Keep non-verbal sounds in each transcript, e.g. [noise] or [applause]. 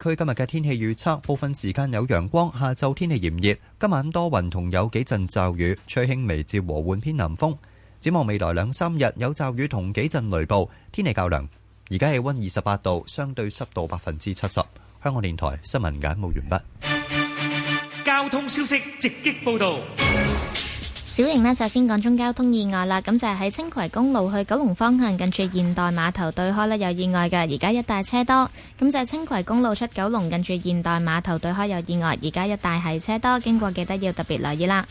區今日嘅天氣預測，部分時間有陽光，下晝天氣炎熱，今晚多雲同有幾陣驟雨，吹輕微至和緩偏南風。展望未來兩三日有驟雨同幾陣雷暴，天氣較涼。而家氣溫二十八度，相對濕度百分之七十。香港電台新聞簡報完畢。交通消息直擊報道。小型呢，就先講中交通意外啦，咁就係、是、喺青葵公路去九龍方向，近住現代碼頭對開呢，有意外嘅，而家一帶車多。咁就係青葵公路出九龍，近住現代碼頭對開有意外，而家一帶係車、就是、車多，經過記得要特別留意啦。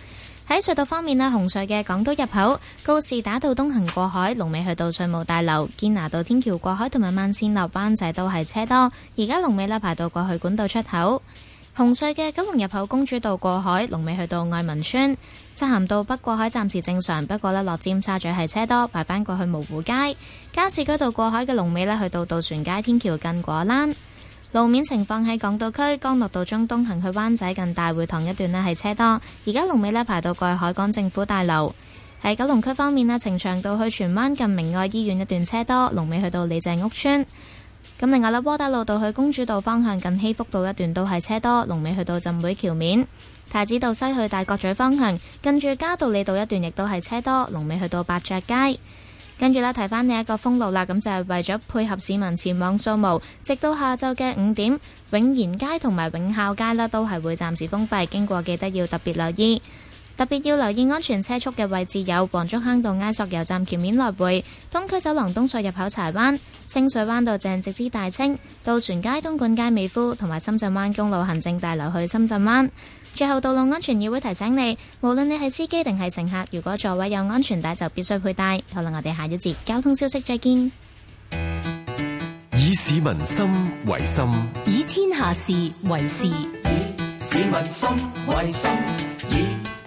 喺隧道方面呢，紅隧嘅港島入口、告士打道東行過海、龍尾去到稅務大樓、堅拿道天橋過海同埋萬善樓，灣仔都係車多，而家龍尾呢，排到過去管道出口。紅隧嘅九龍入口公主道過海，龍尾去到愛民村；漆咸道北過海暫時正常，不過咧落尖沙咀係車多，排班過去蕪湖街；加士居道過海嘅龍尾咧去到渡船街天橋近果欄，路面情況喺港島區，干諾道中東行去灣仔近大會堂一段咧係車多，而家龍尾咧排到過去海港政府大樓；喺九龍區方面啊，呈祥道去荃灣近明愛醫院一段車多，龍尾去到李鄭屋村。咁另外啦，窩打老道去公主道方向近希福道一段都係車多，龍尾去到浸會橋面；太子道西去大角咀方向，近住嘉道理道一段亦都係車多，龍尾去到百雀街。跟住啦，提翻呢一個封路啦，咁就係為咗配合市民前往掃墓，直到下晝嘅五點，永賢街同埋永孝街啦，都係會暫時封閉，經過記得要特別留意。特別要留意安全車速嘅位置有黃竹坑道埃索油站橋面來回、東區走廊東隧入口柴灣、清水灣道正直至大清、渡船街東莞街美孚同埋深圳灣公路行政大樓去深圳灣。最後，道路安全議會提醒你，無論你係司機定係乘客，如果座位有安全帶，就必須佩戴。好啦，我哋下一節交通消息再見。以市民心為心，以天下事為事，以市民心為心。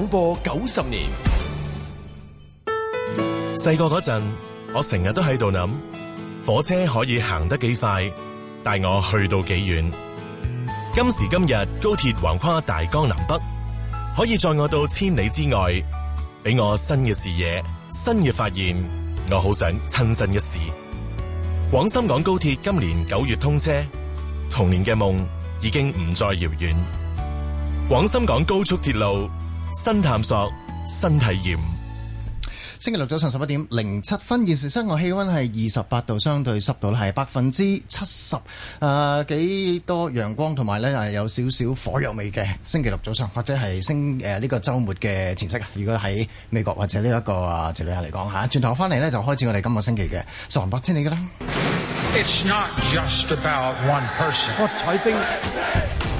走過九十年，細個嗰陣，我成日都喺度諗火車可以行得幾快，帶我去到幾遠。今時今日，高鐵橫跨大江南北，可以載我到千里之外，俾我新嘅視野、新嘅發現。我好想親身一試。廣深港高鐵今年九月通車，童年嘅夢已經唔再遙遠。廣深港高速鐵路。新探索，新體驗。星期六早上十一點零七分，現時室外氣温係二十八度，相對濕度咧係百分之七十。誒、呃，幾多陽光同埋咧係有少少火藥味嘅。星期六早上或者係星誒呢、呃這個周末嘅前夕啊。如果喺美國或者呢、這、一個啊敘利亞嚟講吓，轉頭翻嚟咧就開始我哋今個星期嘅十萬八千里噶啦。It's not just about one person。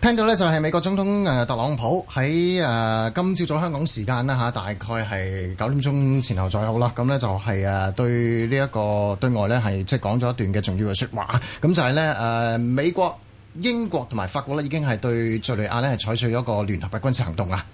聽到呢就係美國總統、呃、特朗普喺、呃、今朝早上香港時間、啊、大概係九點鐘前後左右啦，咁咧就係、是、誒、啊、對呢、這、一個對外呢係即係講咗一段嘅重要嘅説話，咁就係、是、咧、呃、美國。英國同埋法國咧已經係對敍利亞咧採取咗一個聯合嘅軍事行動啦。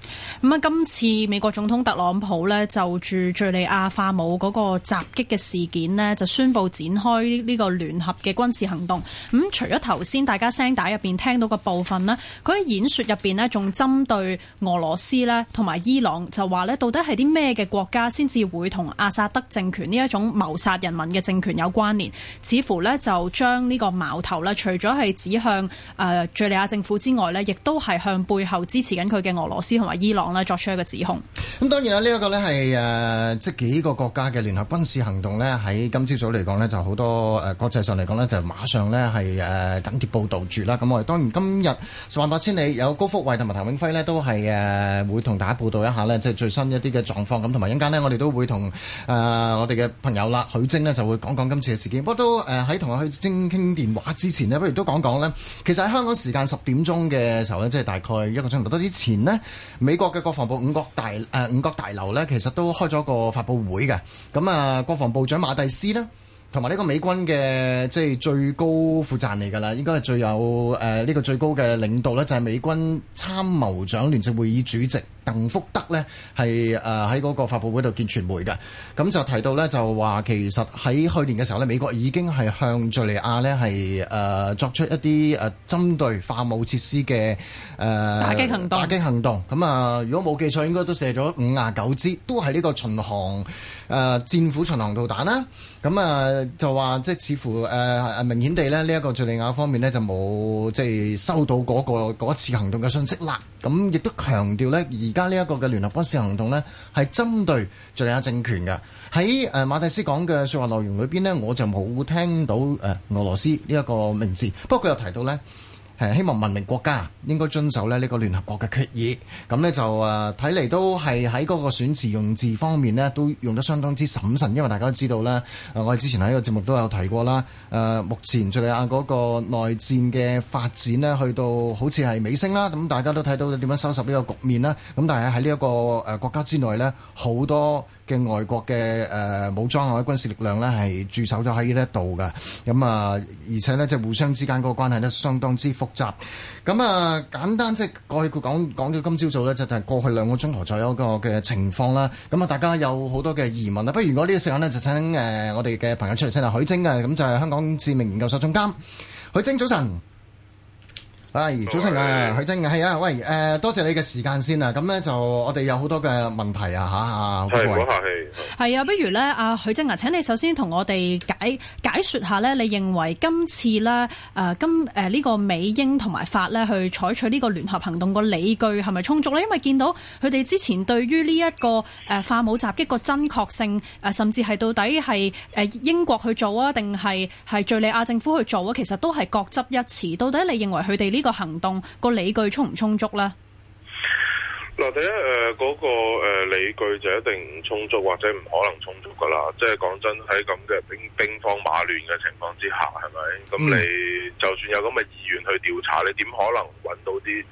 咁啊，今次美國總統特朗普咧就住敍利亞化武嗰個襲擊嘅事件咧，就宣布展開呢個聯合嘅軍事行動。咁、嗯、除咗頭先大家聲帶入邊聽到嘅部分咧，佢喺演説入邊咧仲針對俄羅斯咧同埋伊朗就話咧，到底係啲咩嘅國家先至會同阿薩德政權呢一種謀殺人民嘅政權有關聯？似乎呢就將呢個矛頭咧，除咗係指向。誒，敍、呃、利亞政府之外咧，亦都係向背後支持緊佢嘅俄羅斯同埋伊朗咧作出一個指控。咁當然啦，呢、這、一個咧係誒，即係幾個國家嘅聯合軍事行動咧，喺今朝早嚟講咧，就好多誒國際上嚟講咧，就馬上咧係誒緊貼報道住啦。咁我哋當然今日十萬八千里有高福衛同埋譚永輝咧，都係誒會同大家報導一下咧，即係最新一啲嘅狀況。咁同埋陣間咧，我哋都會同誒我哋嘅朋友啦許晶咧，就會講講今次嘅事件。不過都誒喺同阿許晶傾電話之前咧，不如都講講咧。其實喺香港時間十點鐘嘅時候咧，即係大概一個鐘頭多之前咧，美國嘅國防部五角大誒五角大樓咧，其實都開咗個發布會嘅。咁啊，國防部長馬蒂斯呢，同埋呢個美軍嘅即係最高負責人嚟㗎啦，應該係最有誒呢個最高嘅領導呢，就係美軍參謀長聯席會議主席。鄧福德呢係誒喺嗰個發佈會度見傳媒嘅，咁就提到呢，就話其實喺去年嘅時候咧，美國已經係向敍利亞呢係誒、呃、作出一啲誒針對化武設施嘅誒、呃、打擊行動。打擊行動咁啊，如果冇記錯，應該都射咗五十九支，都係呢個巡航誒、呃、戰斧巡航導彈啦。咁啊、呃、就話即係似乎誒、呃、明顯地呢，呢、這、一個敍利亞方面呢就冇即係收到嗰、那個嗰次行動嘅訊息啦。咁亦都強調呢，而加呢一個嘅聯合軍事行動咧，係針對敘利亞政權嘅。喺誒馬蒂斯講嘅說話內容裏邊咧，我就冇聽到誒俄羅斯呢一個名字。不過佢又提到咧。係希望文明國家應該遵守咧呢個聯合國嘅決議，咁呢，就啊睇嚟都係喺嗰個選詞用字方面呢，都用得相當之審慎，因為大家都知道咧、啊，我哋之前喺呢個節目都有提過啦。誒、啊，目前敍利亞嗰個內戰嘅發展呢，去到好似係尾聲啦，咁、啊、大家都睇到點樣收拾呢個局面啦。咁、啊、但係喺呢一個誒國家之內呢，好多，嘅外國嘅誒武裝或者軍事力量咧，係駐守咗喺呢一度嘅，咁啊，而且呢，即互相之間嗰個關係咧，相當之複雜。咁啊，簡單即係過去講講咗今朝早呢，就係過去兩個鐘頭左右個嘅情況啦。咁啊，大家有好多嘅疑問啊，不如果呢個時間呢，就請誒我哋嘅朋友出嚟先啊，許楨啊，咁就係、是、香港智明研究所總監，許楨早晨。早晨、哎、啊，許楨嘅係啊，喂，誒、啊，多謝你嘅時間先啊，咁、嗯、呢，就我哋有好多嘅問題啊嚇啊，好啊，不如呢，阿、啊、許楨啊，請你首先同我哋解解説下呢。你認為今次呢，誒、啊、今誒呢、啊這個美英同埋法呢去採取呢個聯合行動個理據係咪充足呢？因為見到佢哋之前對於呢、這、一個誒、啊、化武襲擊個真確性誒、啊，甚至係到底係誒英國去做啊，定係係敍利亞政府去做啊？其實都係各執一詞。到底你認為佢哋呢？個行動個理據充唔充足呢？嗱，第一嗰、呃嗰個誒、呃、理據就一定充足或者唔可能充足噶啦。即係講真喺咁嘅兵兵荒馬亂嘅情況之下，係咪？咁、嗯、你就算有咁嘅意願去調查，你點可能揾到啲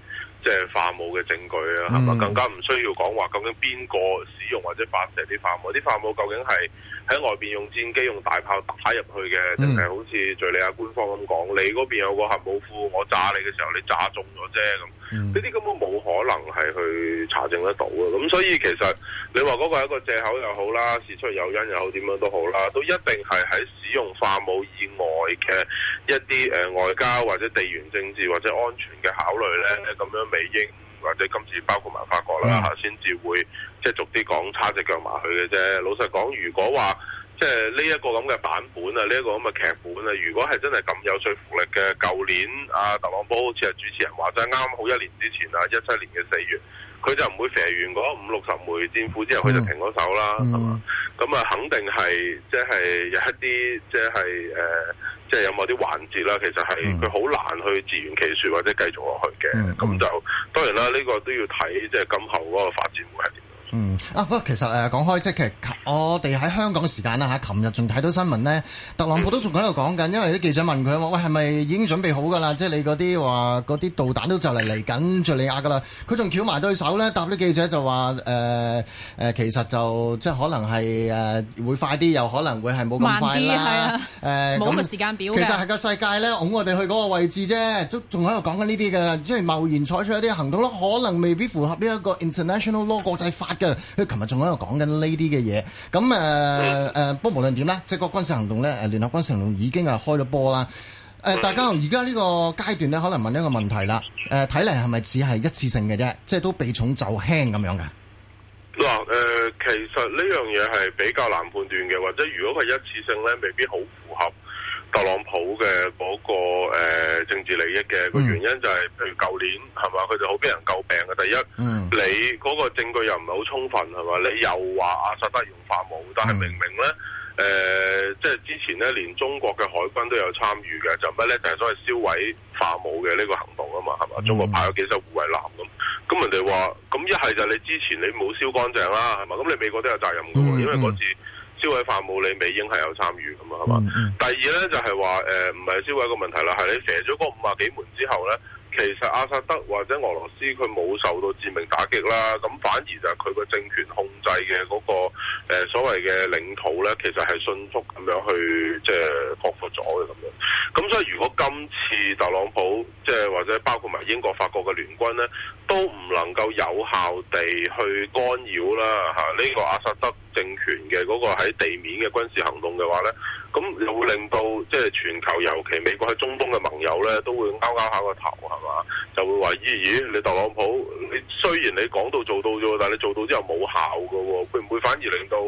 即係化武嘅證據啊？係咪？嗯、更加唔需要講話究竟邊個使用或者發射啲化武，啲化武究竟係？喺外邊用戰機用大炮打入去嘅，即係、嗯、好似敍利亞官方咁講，你嗰邊有個核武庫，我炸你嘅時候你炸中咗啫咁，呢啲、嗯、根本冇可能係去查證得到嘅。咁所以其實你話嗰個係一個借口又好啦，事出有因又好，點樣都好啦，都一定係喺使用化武以外嘅一啲誒外交或者地緣政治或者安全嘅考慮咧，咁、嗯、樣美英。或者今次包括埋法國啦吓，先至、mm hmm. 會即係逐啲講差隻腳埋去嘅啫。老實講，如果話即係呢一個咁嘅版本啊，呢、這、一個咁嘅劇本啊，如果係真係咁有說服力嘅，舊年啊，特朗普好似係主持人話齋，啱好一年之前啊，一七年嘅四月。佢就唔會射完嗰五六十枚戰斧之後，佢、嗯、就停咗手啦，係嘛、嗯？咁啊、嗯，嗯、肯定係即係有一啲即係誒，即、就、係、是呃就是、有某啲環節啦。其實係佢好難去自圓其説或者繼續落去嘅。咁、嗯、就當然啦，呢、這個都要睇即係今後嗰個發展會係點。嗯啊，不過其實誒、啊、講開，即係其實我哋喺香港時間啦嚇，琴日仲睇到新聞呢，特朗普都仲喺度講緊，因為啲記者問佢話，喂係咪已經準備好㗎啦？即係你嗰啲話嗰啲導彈都就嚟嚟緊敍利亞㗎啦，佢仲翹埋對手呢，答啲記者就話誒誒，其實就即係可能係誒、呃、會快啲，又可能會係冇咁快啦。誒冇、啊呃、個時間表其實係個世界呢，㧬我哋去嗰個位置啫，仲喺度講緊呢啲㗎，即係貿然採取一啲行動咯，可能未必符合呢一個 international law 國際法嘅。佢琴日仲喺度講緊呢啲嘅嘢，咁誒誒，不、嗯、無論點啦，即係個軍事行動咧，誒聯合軍事行動已經係開咗波啦。誒，大家而家呢個階段咧，可能問一個問題啦。誒，睇嚟係咪只係一次性嘅啫？即係都避重就輕咁樣嘅？嗱、嗯，誒、嗯，其實呢樣嘢係比較難判斷嘅，或者如果佢一次性咧，未必好符合特朗普嘅嗰個誒政治利益嘅。個原因就係、是、譬如舊年係嘛，佢就好第一，嗯、你嗰個證據又唔係好充分係嘛？你又話阿薩德用化武，但係明明咧，誒、嗯呃，即係之前咧，連中國嘅海軍都有參與嘅，就唔係咧，就係所謂燒毀化武嘅呢個行動啊嘛，係嘛？中國派咗幾隻護衛艦咁，咁人哋話，咁一係就係你之前你冇燒乾淨啦，係嘛？咁你美國都有責任嘅喎，嗯、因為嗰次燒毀化武，你美英係有參與嘅嘛，係嘛？嗯嗯嗯、第二咧就係、是、話，誒、呃，唔係燒毀嘅問題啦，係你射咗嗰五啊幾門之後咧。其實阿薩德或者俄羅斯佢冇受到致命打擊啦，咁反而就係佢個政權控制嘅嗰、嗰個、呃、所謂嘅領土呢，其實係迅速咁樣去即係克服咗嘅咁樣。咁所以如果今次特朗普即係或者包括埋英國、法國嘅聯軍呢，都唔能夠有效地去干擾啦嚇呢、啊呢個阿薩德政權嘅嗰個喺地面嘅軍事行動嘅話呢。咁又會令到即係全球，尤其美國喺中東嘅盟友咧，都會拗拗下個頭，係嘛？就會話：咦咦，你特朗普，你雖然你講到做到咗，但係你做到之後冇效嘅，會唔會反而令到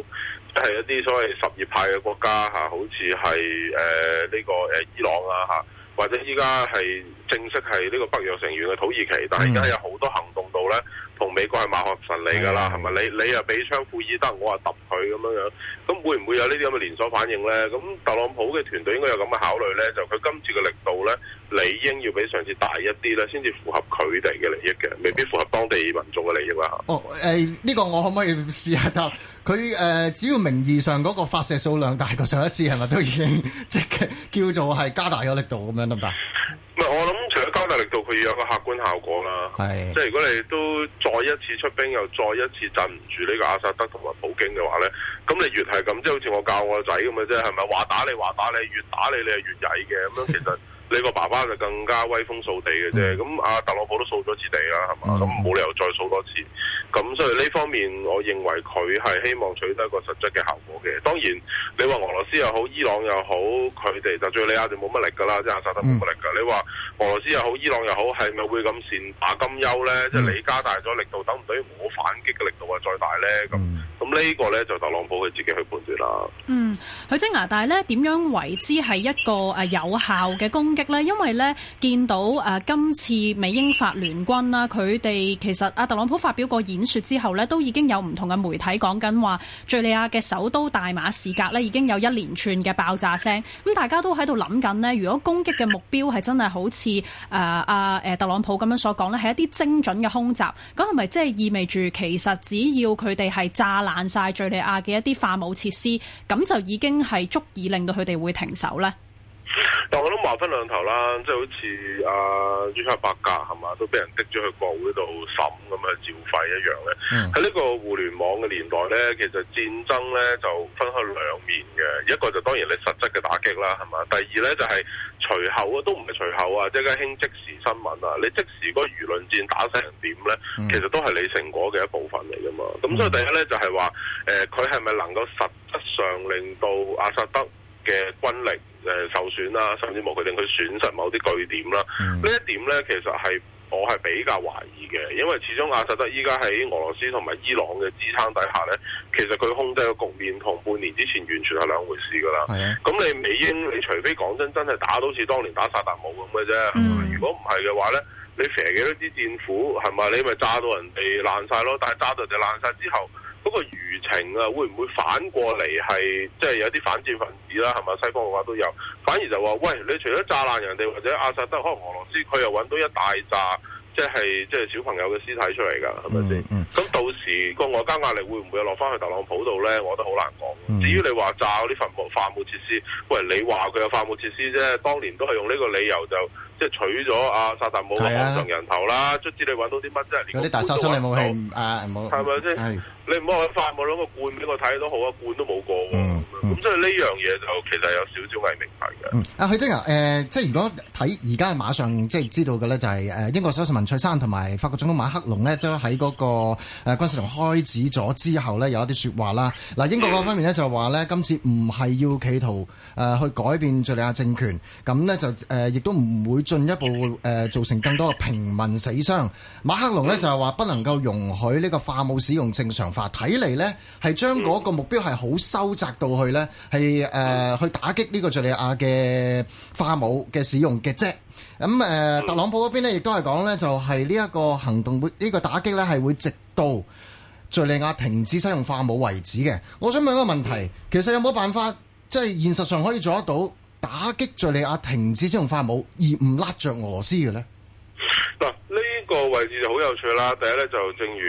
即係一啲所謂什葉派嘅國家嚇，好似係誒呢個誒伊朗啊嚇，或者依家係正式係呢個北約成員嘅土耳其，但係而家有好多行動到咧。同美國係貌合神離㗎啦，係咪的？你你又俾槍庫爾德，我話揼佢咁樣樣，咁會唔會有呢啲咁嘅連鎖反應咧？咁特朗普嘅團隊應該有咁嘅考慮咧，就佢、是、今次嘅力度咧，理應要比上次大一啲咧，先至符合佢哋嘅利益嘅，未必符合當地民眾嘅利益啊！哦，誒、呃、呢、這個我可唔可以試下答？佢誒、呃、只要名義上嗰個發射數量大過上一次，係咪都已經即係叫做係加大咗力度咁樣得唔得？唔係、嗯、我諗。令到佢要有個客觀效果啦，的即係如果你都再一次出兵，又再一次鎮唔住呢個阿薩德同埋普京嘅話咧，咁你越係咁，即係好似我教我個仔咁嘅啫，係咪話打你話打你，越打你你係越曳嘅咁樣，其實。 [laughs] 你個爸爸就更加威風掃地嘅啫，咁阿、嗯、特朗普都掃咗次地啦，係嘛？咁冇、嗯、理由再掃多次。咁所以呢方面，我認為佢係希望取得一個實質嘅效果嘅。當然，你話俄羅斯又好，伊朗又好，佢哋就敍、嗯、利亞就冇乜力噶啦，即係阿薩德冇乜力噶。你話俄羅斯又好，伊朗又好，係咪會咁善罷甘休咧？即係、嗯、你加大咗力度，等唔等於我反擊嘅力度啊再大咧？咁咁、嗯、呢個咧就是、特朗普佢自己去判斷啦。嗯，佢加拿大咧點樣為之係一個誒有效嘅工嗯擊咧，因為咧見到誒、呃，今次美英法聯軍啦，佢哋其實阿特朗普發表過演說之後咧，都已經有唔同嘅媒體講緊話，敘利亞嘅首都大馬士革咧已經有一連串嘅爆炸聲。咁大家都喺度諗緊咧，如果攻擊嘅目標係真係好似誒阿誒特朗普咁樣所講咧，係一啲精準嘅空襲，咁係咪即係意味住其實只要佢哋係炸爛晒敘利亞嘅一啲化武設施，咁就已經係足以令到佢哋會停手呢？但我都話分兩頭啦，即係好似阿朱克伯格係嘛，都俾人逼咗去國會度審咁啊，照肺一樣嘅。喺呢、嗯、個互聯網嘅年代咧，其實戰爭咧就分開兩面嘅，一個就當然你實質嘅打擊啦，係嘛。第二咧就係隨口啊，都唔係隨口啊，即係興即時新聞啊，你即時嗰個輿論戰打成點咧，嗯、其實都係你成果嘅一部分嚟噶嘛。咁、嗯嗯、所以第一咧就係話，誒、呃，佢係咪能夠實質上令到阿薩德嘅軍力誒受損啦，甚至冇決定佢損失某啲據點啦。呢、mm. 一點咧，其實係我係比較懷疑嘅，因為始終阿薩德依家喺俄羅斯同埋伊朗嘅支撐底下咧，其實佢控制嘅局面同半年之前完全係兩回事㗎啦。咁 Yeah. 你美英，你除非講真，真係打到似當年打薩達姆咁嘅啫。Mm. 如果唔係嘅話咧，你射幾多支戰斧，係咪你咪炸到人哋爛晒咯？但係炸到人哋爛晒之後，嗰個輿情啊，會唔會反過嚟係即係有啲反戰分子啦？係咪？西方嘅話都有，反而就話喂，你除咗炸爛人哋或者阿薩德可能俄羅斯，佢又揾到一大紮即係即係小朋友嘅屍體出嚟㗎，係咪先？咁、嗯嗯、到時個外交壓力會唔會落翻去特朗普度呢？我覺得好難講。嗯、至於你話炸嗰啲墳墓化武設施，喂，你話佢有化武設施啫，當年都係用呢個理由就。即係取咗阿薩達姆嘅人頭啦，卒之、啊、你揾到啲乜啫？有啲大殺傷力武器，啊冇，係咪先？是是啊、你唔好話發夢攞個罐俾我睇都好啊，罐都冇過。咁即係呢樣嘢就其實有少少係名牌嘅。啊許真仁，誒、呃、即係如果睇而家馬上即係知道嘅咧，就係誒英國首相文翠珊同埋法國總統馬克龍呢，都喺嗰個誒軍事同開始咗之後呢，有一啲説話啦。嗱，英國嗰方面呢，就話呢，今次唔係要企圖誒去改變敍利亞政權，咁呢就誒亦、呃、都唔會。進一步誒、呃、造成更多平民死傷，馬克龍咧就係話不能夠容許呢個化武使用正常化，睇嚟呢係將嗰個目標係好收窄到去呢係誒、呃、去打擊呢個敍利亞嘅化武嘅使用嘅啫。咁誒、嗯呃、特朗普嗰邊咧亦都係講呢，就係呢一個行動呢、呢個打擊呢係會直到敍利亞停止使用化武為止嘅。我想問一個問題，其實有冇辦法即係現實上可以做得到？打擊敘利亞停止使用化武而唔拉着俄羅斯嘅咧？嗱，呢個位置就好有趣啦。第一咧就正如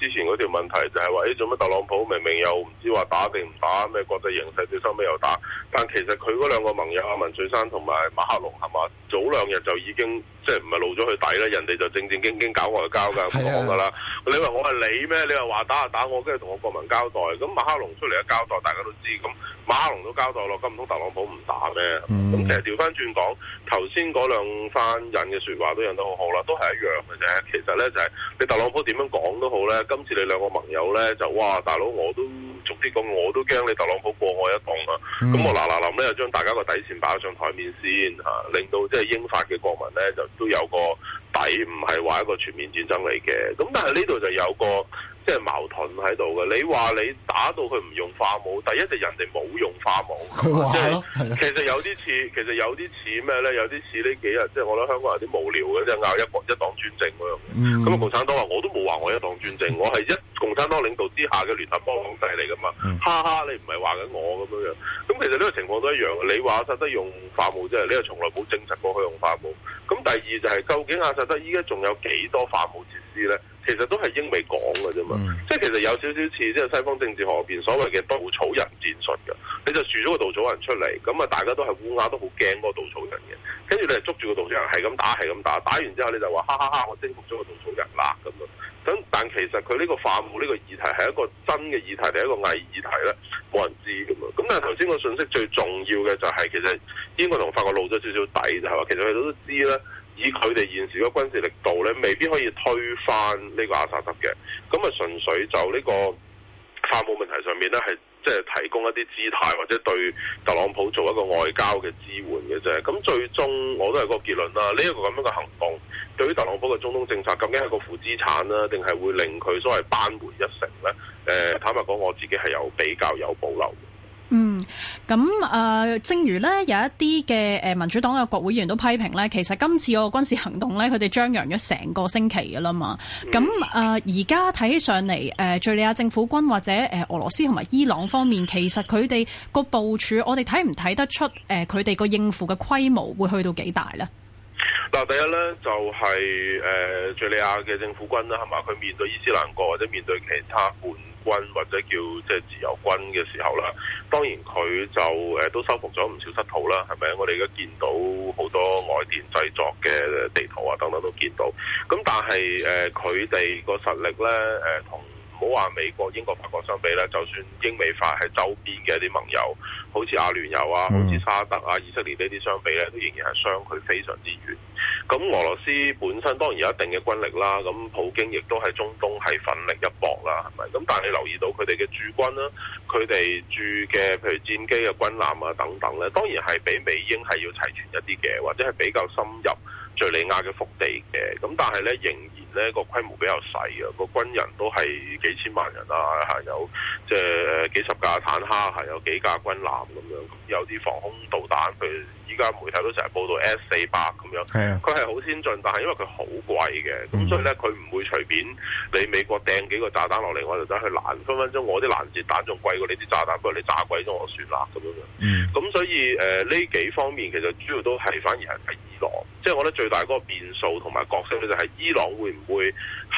之前嗰條問題就係話，誒，做乜特朗普明明又唔知話打定唔打？咩國際形勢最收尾又打？但其實佢嗰兩個盟友阿文翠珊同埋馬克龍係嘛，早兩日就已經。即係唔係露咗去底咧？人哋就正正經經搞外交㗎，講㗎啦。你話我係你咩？你話話打就打，打，我跟住同我國民交代。咁馬克龍出嚟嘅交代，大家都知。咁馬克龍都交代咯，咁唔通特朗普唔打咩？咁、嗯、其實調翻轉講，頭先嗰兩番引嘅説話都引得好好啦，都係一樣嘅啫。其實咧就係你特朗普點樣講都好咧，今次你兩個盟友咧就哇大佬我都。總之講，我都驚你特朗普過海一檔啊！咁我嗱嗱臨咧，又將大家個底線擺上台面先嚇，令到即係英法嘅國民咧，就都有個底，唔係話一個全面戰爭嚟嘅。咁但係呢度就有個。即係矛盾喺度嘅，你話你打到佢唔用化武，第一就人哋冇用化武， [laughs] 即係其實有啲似，其實有啲似咩咧？有啲似呢幾日，即係我覺得香港人啲無聊嘅，即係拗一國一黨專政嗰樣嘢咁啊，嗯、共產黨話我都冇話我一黨專政，我係一共產黨領導之下嘅聯合邦國勢嚟噶嘛？嗯、哈哈，你唔係話緊我咁樣樣。咁其實呢個情況都一樣，你話阿薩德用化武即係你係從來冇證實過佢用化武。咁第二就係究竟阿薩德依家仲有幾多化武？其實都係英美講嘅啫嘛，嗯、即係其實有少少似即係西方政治河邊所謂嘅稻草人戰術嘅，你就樹咗個稻草人出嚟，咁啊大家都係烏鴉都好驚嗰個稻草人嘅，跟住你係捉住個稻草人係咁打係咁打，打完之後你就話哈，哈哈哈，我征服咗個稻草人啦咁樣，咁但其實佢呢個化武呢個議題係一個真嘅議題定係一個偽議題咧，冇人知㗎嘛。咁但係頭先個信息最重要嘅就係、是、其實英國同法國露咗少少底就係話，其實佢都知啦。以佢哋現時嘅軍事力度咧，未必可以推翻呢個阿薩德嘅。咁啊，純粹就呢個貿貿問題上面咧，係即係提供一啲姿態，或者對特朗普做一個外交嘅支援嘅啫。咁最終我都係嗰個結論啦。呢、這、一個咁樣嘅行動，對於特朗普嘅中東政策，究竟係個負資產呢？定係會令佢所謂扳回一城呢？誒、呃，坦白講，我自己係有比較有保留。嗯，咁啊、呃，正如咧有一啲嘅誒，民主黨嘅國會議員都批評咧，其實今次個軍事行動咧，佢哋張揚咗成個星期噶啦嘛。咁啊、嗯，而家睇起上嚟，誒、呃，敘利亞政府軍或者誒、呃、俄羅斯同埋伊朗方面，其實佢哋個部署，我哋睇唔睇得出誒，佢哋個應付嘅規模會去到幾大咧？嗱，第一咧就係、是、誒，敘、呃、利亞嘅政府軍啦，係嘛，佢面對伊斯蘭國或者面對其他管軍或者叫即係自由軍嘅時候啦，當然佢就誒、呃、都收復咗唔少失土啦，係咪？我哋而家見到好多外電製作嘅地圖啊，等等都見到。咁但係誒佢哋個實力咧誒、呃、同。唔好話美國、英國、法國相比咧，就算英美法係周邊嘅一啲盟友，好似阿聯酋啊，好似沙特啊、以色列呢啲相比咧，都仍然係相距非常之遠。咁俄羅斯本身當然有一定嘅軍力啦，咁普京亦都喺中東係奮力一搏啦，係咪？咁但係你留意到佢哋嘅駐軍啦，佢哋駐嘅譬如戰機啊、軍艦啊等等咧，當然係比美英係要齊全一啲嘅，或者係比較深入。敍利亞嘅腹地嘅，咁但係咧仍然咧個規模比較細嘅，個軍人都係幾千萬人啊，係有即係幾十架坦克，係有幾架軍艦咁樣，有啲防空導彈，譬如依家媒體都成日報道 S 四百咁樣，佢係好先進，但係因為佢好貴嘅，咁所以咧佢唔會隨便你美國掟幾個炸彈落嚟，我就走去攔，分分鐘我啲攔截彈仲貴過你啲炸彈，不過你炸鬼咗我算啦咁樣。嗯，咁所以誒呢幾方面其實主要都係反而係第二浪。即係我覺得最大嗰個變數同埋角色咧，就係伊朗會唔會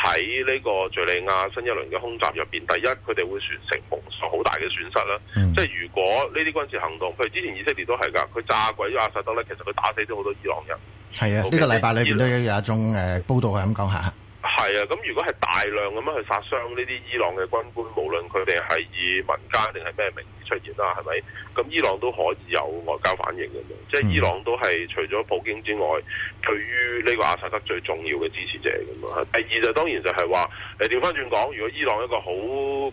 喺呢個敍利亞新一輪嘅空襲入邊，第一佢哋會損成蒙受好大嘅損失啦。嗯、即係如果呢啲軍事行動，譬如之前以色列都係㗎，佢炸鬼咗阿薩德咧，其實佢打死咗好多伊朗人。係啊，呢比個禮拜裏邊咧有一種誒、呃、報導係咁講下。係啊，咁如果係大量咁樣去殺傷呢啲伊朗嘅軍官，無論佢哋係以民間定係咩名義出現啦，係咪？咁伊朗都可以有外交反應嘅，嗯、即係伊朗都係除咗普京之外，對於呢個阿薩德最重要嘅支持者咁啊。第二就係、當然就係話，誒調翻轉講，如果伊朗一個好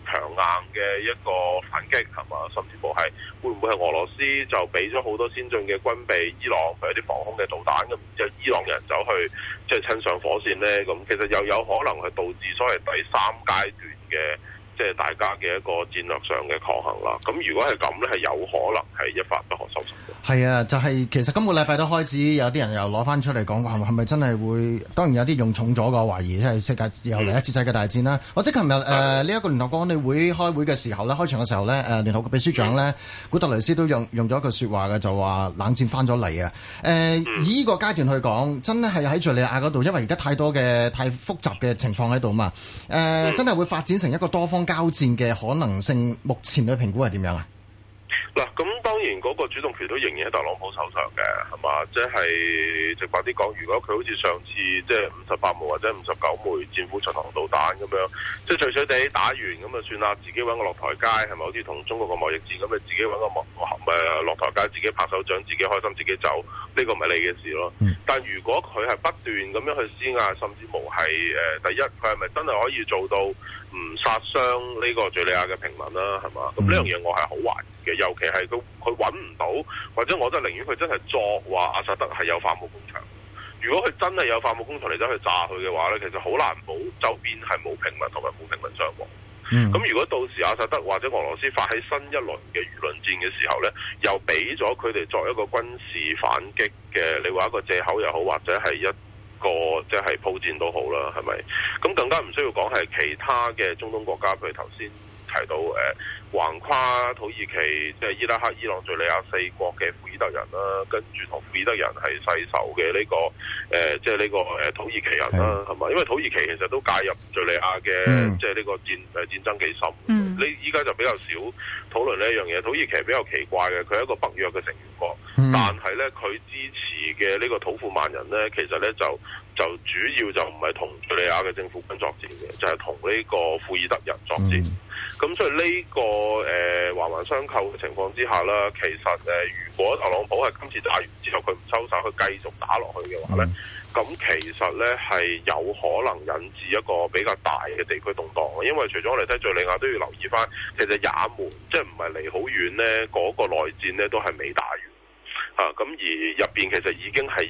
強硬嘅一個反擊，同埋甚至乎係會唔會係俄羅斯就俾咗好多先進嘅軍備，伊朗佢有啲防空嘅導彈咁，即係伊朗人走去即係、就是、親上火線呢。咁其實又有。有可能係導致所謂第三階段嘅。即係大家嘅一個戰略上嘅抗衡啦。咁如果係咁呢，係有可能係一發不可收拾嘅。係啊，就係、是、其實今個禮拜都開始有啲人又攞翻出嚟講話，係咪真係會？當然有啲用重咗個懷疑，即係世界又嚟一次世界大戰啦。或者係琴日誒呢一個聯合國安理會開會嘅時候咧，開場嘅時候呢，誒、呃、聯合國秘書長呢，嗯、古特雷斯都用用咗一句説話嘅，就話冷戰翻咗嚟啊！誒、呃嗯、以呢個階段去講，真咧係喺敍利亞嗰度，因為而家太多嘅太複雜嘅情況喺度嘛。誒、呃嗯、真係會發展成一個多方。交戰嘅可能性，目前嘅評估係點樣啊？嗱，咁當然嗰個主動權都仍然喺特朗普手上嘅，係嘛？即係直白啲講，如果佢好似上次即係五十八枚或者五十九枚戰斧巡航導彈咁樣，即係隨隨地打完咁就算啦，自己揾個落台階係咪好似同中國個貿易戰咁啊，自己揾個落、呃、落台階，自己拍手掌，自己開心，自己走，呢個唔係你嘅事咯。嗯、但如果佢係不斷咁樣去施壓，甚至無係誒，第一佢係咪真係可以做到唔殺傷呢個敍利亞嘅平民啦？係嘛？咁呢樣嘢我係好懷疑。尤其係佢佢揾唔到，或者我都寧願佢真係作話阿薩德係有化武工場。如果佢真係有化武工場，你走去炸佢嘅話呢，其實好難保周邊係冇平民同埋冇平民傷亡。咁、嗯、如果到時阿薩德或者俄羅斯發起新一輪嘅輿論戰嘅時候呢，又俾咗佢哋作一個軍事反擊嘅，你話一個藉口又好，或者係一個即係鋪墊都好啦，係咪？咁更加唔需要講係其他嘅中東國家，譬如頭先。提到誒，橫、呃、跨土耳其，即係伊拉克、伊朗、敘利亞四國嘅庫爾德人啦，跟住同庫爾德人係世仇嘅呢，這個誒、呃，即係呢個誒土耳其人啦，係嘛、嗯。因為土耳其其實都介入敘利亞嘅，即係呢個戰誒戰爭幾深。嗯、你依家,就比較少討論呢一樣嘢。土耳其比較奇怪嘅，佢係一個北約嘅成員國，嗯、但係咧佢支持嘅呢個土庫曼人咧，其實咧就就主要就唔係同敘利亞嘅政府軍作戰嘅，就係同呢個庫爾德人作戰。咁所以呢、這個誒環、呃、環環相扣嘅情況之下啦，其實，誒如果特朗普係今次打完之後佢唔收手，佢繼續打落去嘅話咧，咁、嗯、其實咧係有可能引致一個比較大嘅地區動盪。因為除咗我哋睇敍利亞，都要留意翻，其實也門即係唔係離好遠咧，個內戰咧都係未打完嚇。咁、啊、而入邊其實已經係。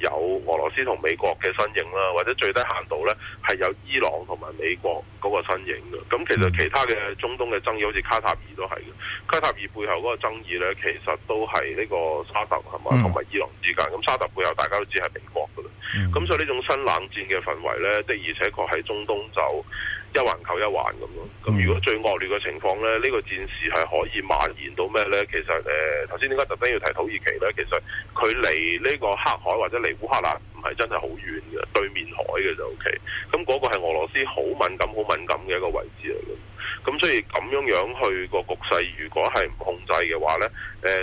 俄羅斯同美國嘅身影啦，或者最低限度呢係有伊朗同埋美國嗰個身影嘅。咁其實其他嘅中東嘅爭議，好似卡塔爾都係嘅。卡塔爾背後嗰個爭議呢，其實都係呢個沙特係嘛同埋伊朗之間。咁沙特背後大家都知係美國㗎喇。咁、嗯、所以呢種新冷戰嘅氛圍呢，的而且確喺中東就一環扣一環咁咯。咁、嗯、如果最惡劣嘅情況呢，呢、這個戰事係可以蔓延到咩呢？其實誒，頭先點解特登要提土耳其呢？其實佢離呢個黑海或者離烏克蘭唔係真係好遠嘅，對面海嘅就 OK。咁、那、嗰個係俄羅斯好敏感、好敏感嘅一個位置嚟嘅。咁所以咁樣樣去個局勢，如果係唔控制嘅話咧，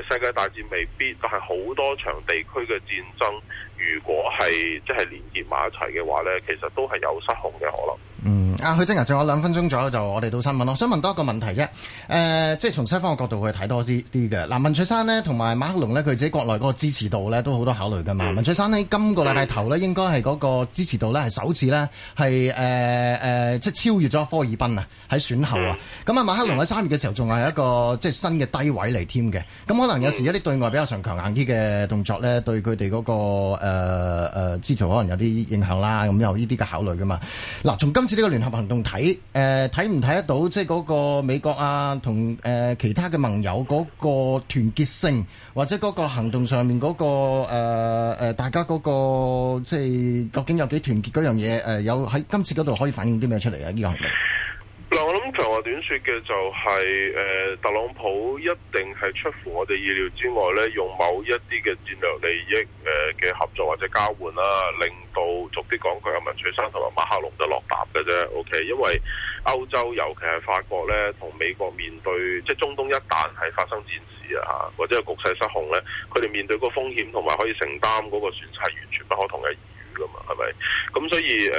誒世界大戰未必，但係好多場地區嘅戰爭如果係即係連結埋一齊嘅話咧，其實都係有失控嘅可能。嗯，阿許正陽，仲、啊、有兩分鐘左右就我哋到新聞，我想問多一個問題啫。誒、呃，即係從西方嘅角度去睇多啲啲嘅。嗱、啊，文翠珊呢，同埋馬克龍呢，佢自己國內嗰個支持度呢，都好多考慮噶嘛。文翠珊呢，今個禮拜頭呢，應該係嗰個支持度呢，係首次呢，係誒誒，即係超越咗科爾賓啊，喺選後啊。咁、嗯、啊，馬克龍喺三月嘅時候仲係一個即係新嘅低位嚟添嘅。咁可能有時一啲對外比較上強硬啲嘅動作呢，對佢哋嗰個誒支持可能有啲影響啦。咁有呢啲嘅考慮噶嘛。嗱、啊，從今次。呢個聯合行動睇，誒睇唔睇得到即係嗰個美國啊，同誒、呃、其他嘅盟友嗰個團結性，或者嗰個行動上面嗰、那嗰個誒、呃、大家嗰、嗰個即係究竟有幾團結嗰樣嘢？誒、呃、有喺今次嗰度可以反映啲咩出嚟啊？呢、呢個行動。嗱，我諗長話短說嘅就係、是，誒、呃，特朗普一定係出乎我哋意料之外咧，用某一啲嘅戰略利益誒嘅合作或者交換啦、啊，令到逐啲講句阿文翠珊同埋馬克龍就落答嘅啫。O、okay? K，因為歐洲尤其係法國咧，同美國面對即係中東一旦係發生戰事啊吓，或者係局勢失控咧，佢哋面對嗰個風險同埋可以承擔嗰個選擇係完全不可同嘅。係咪？咁、嗯、所以，誒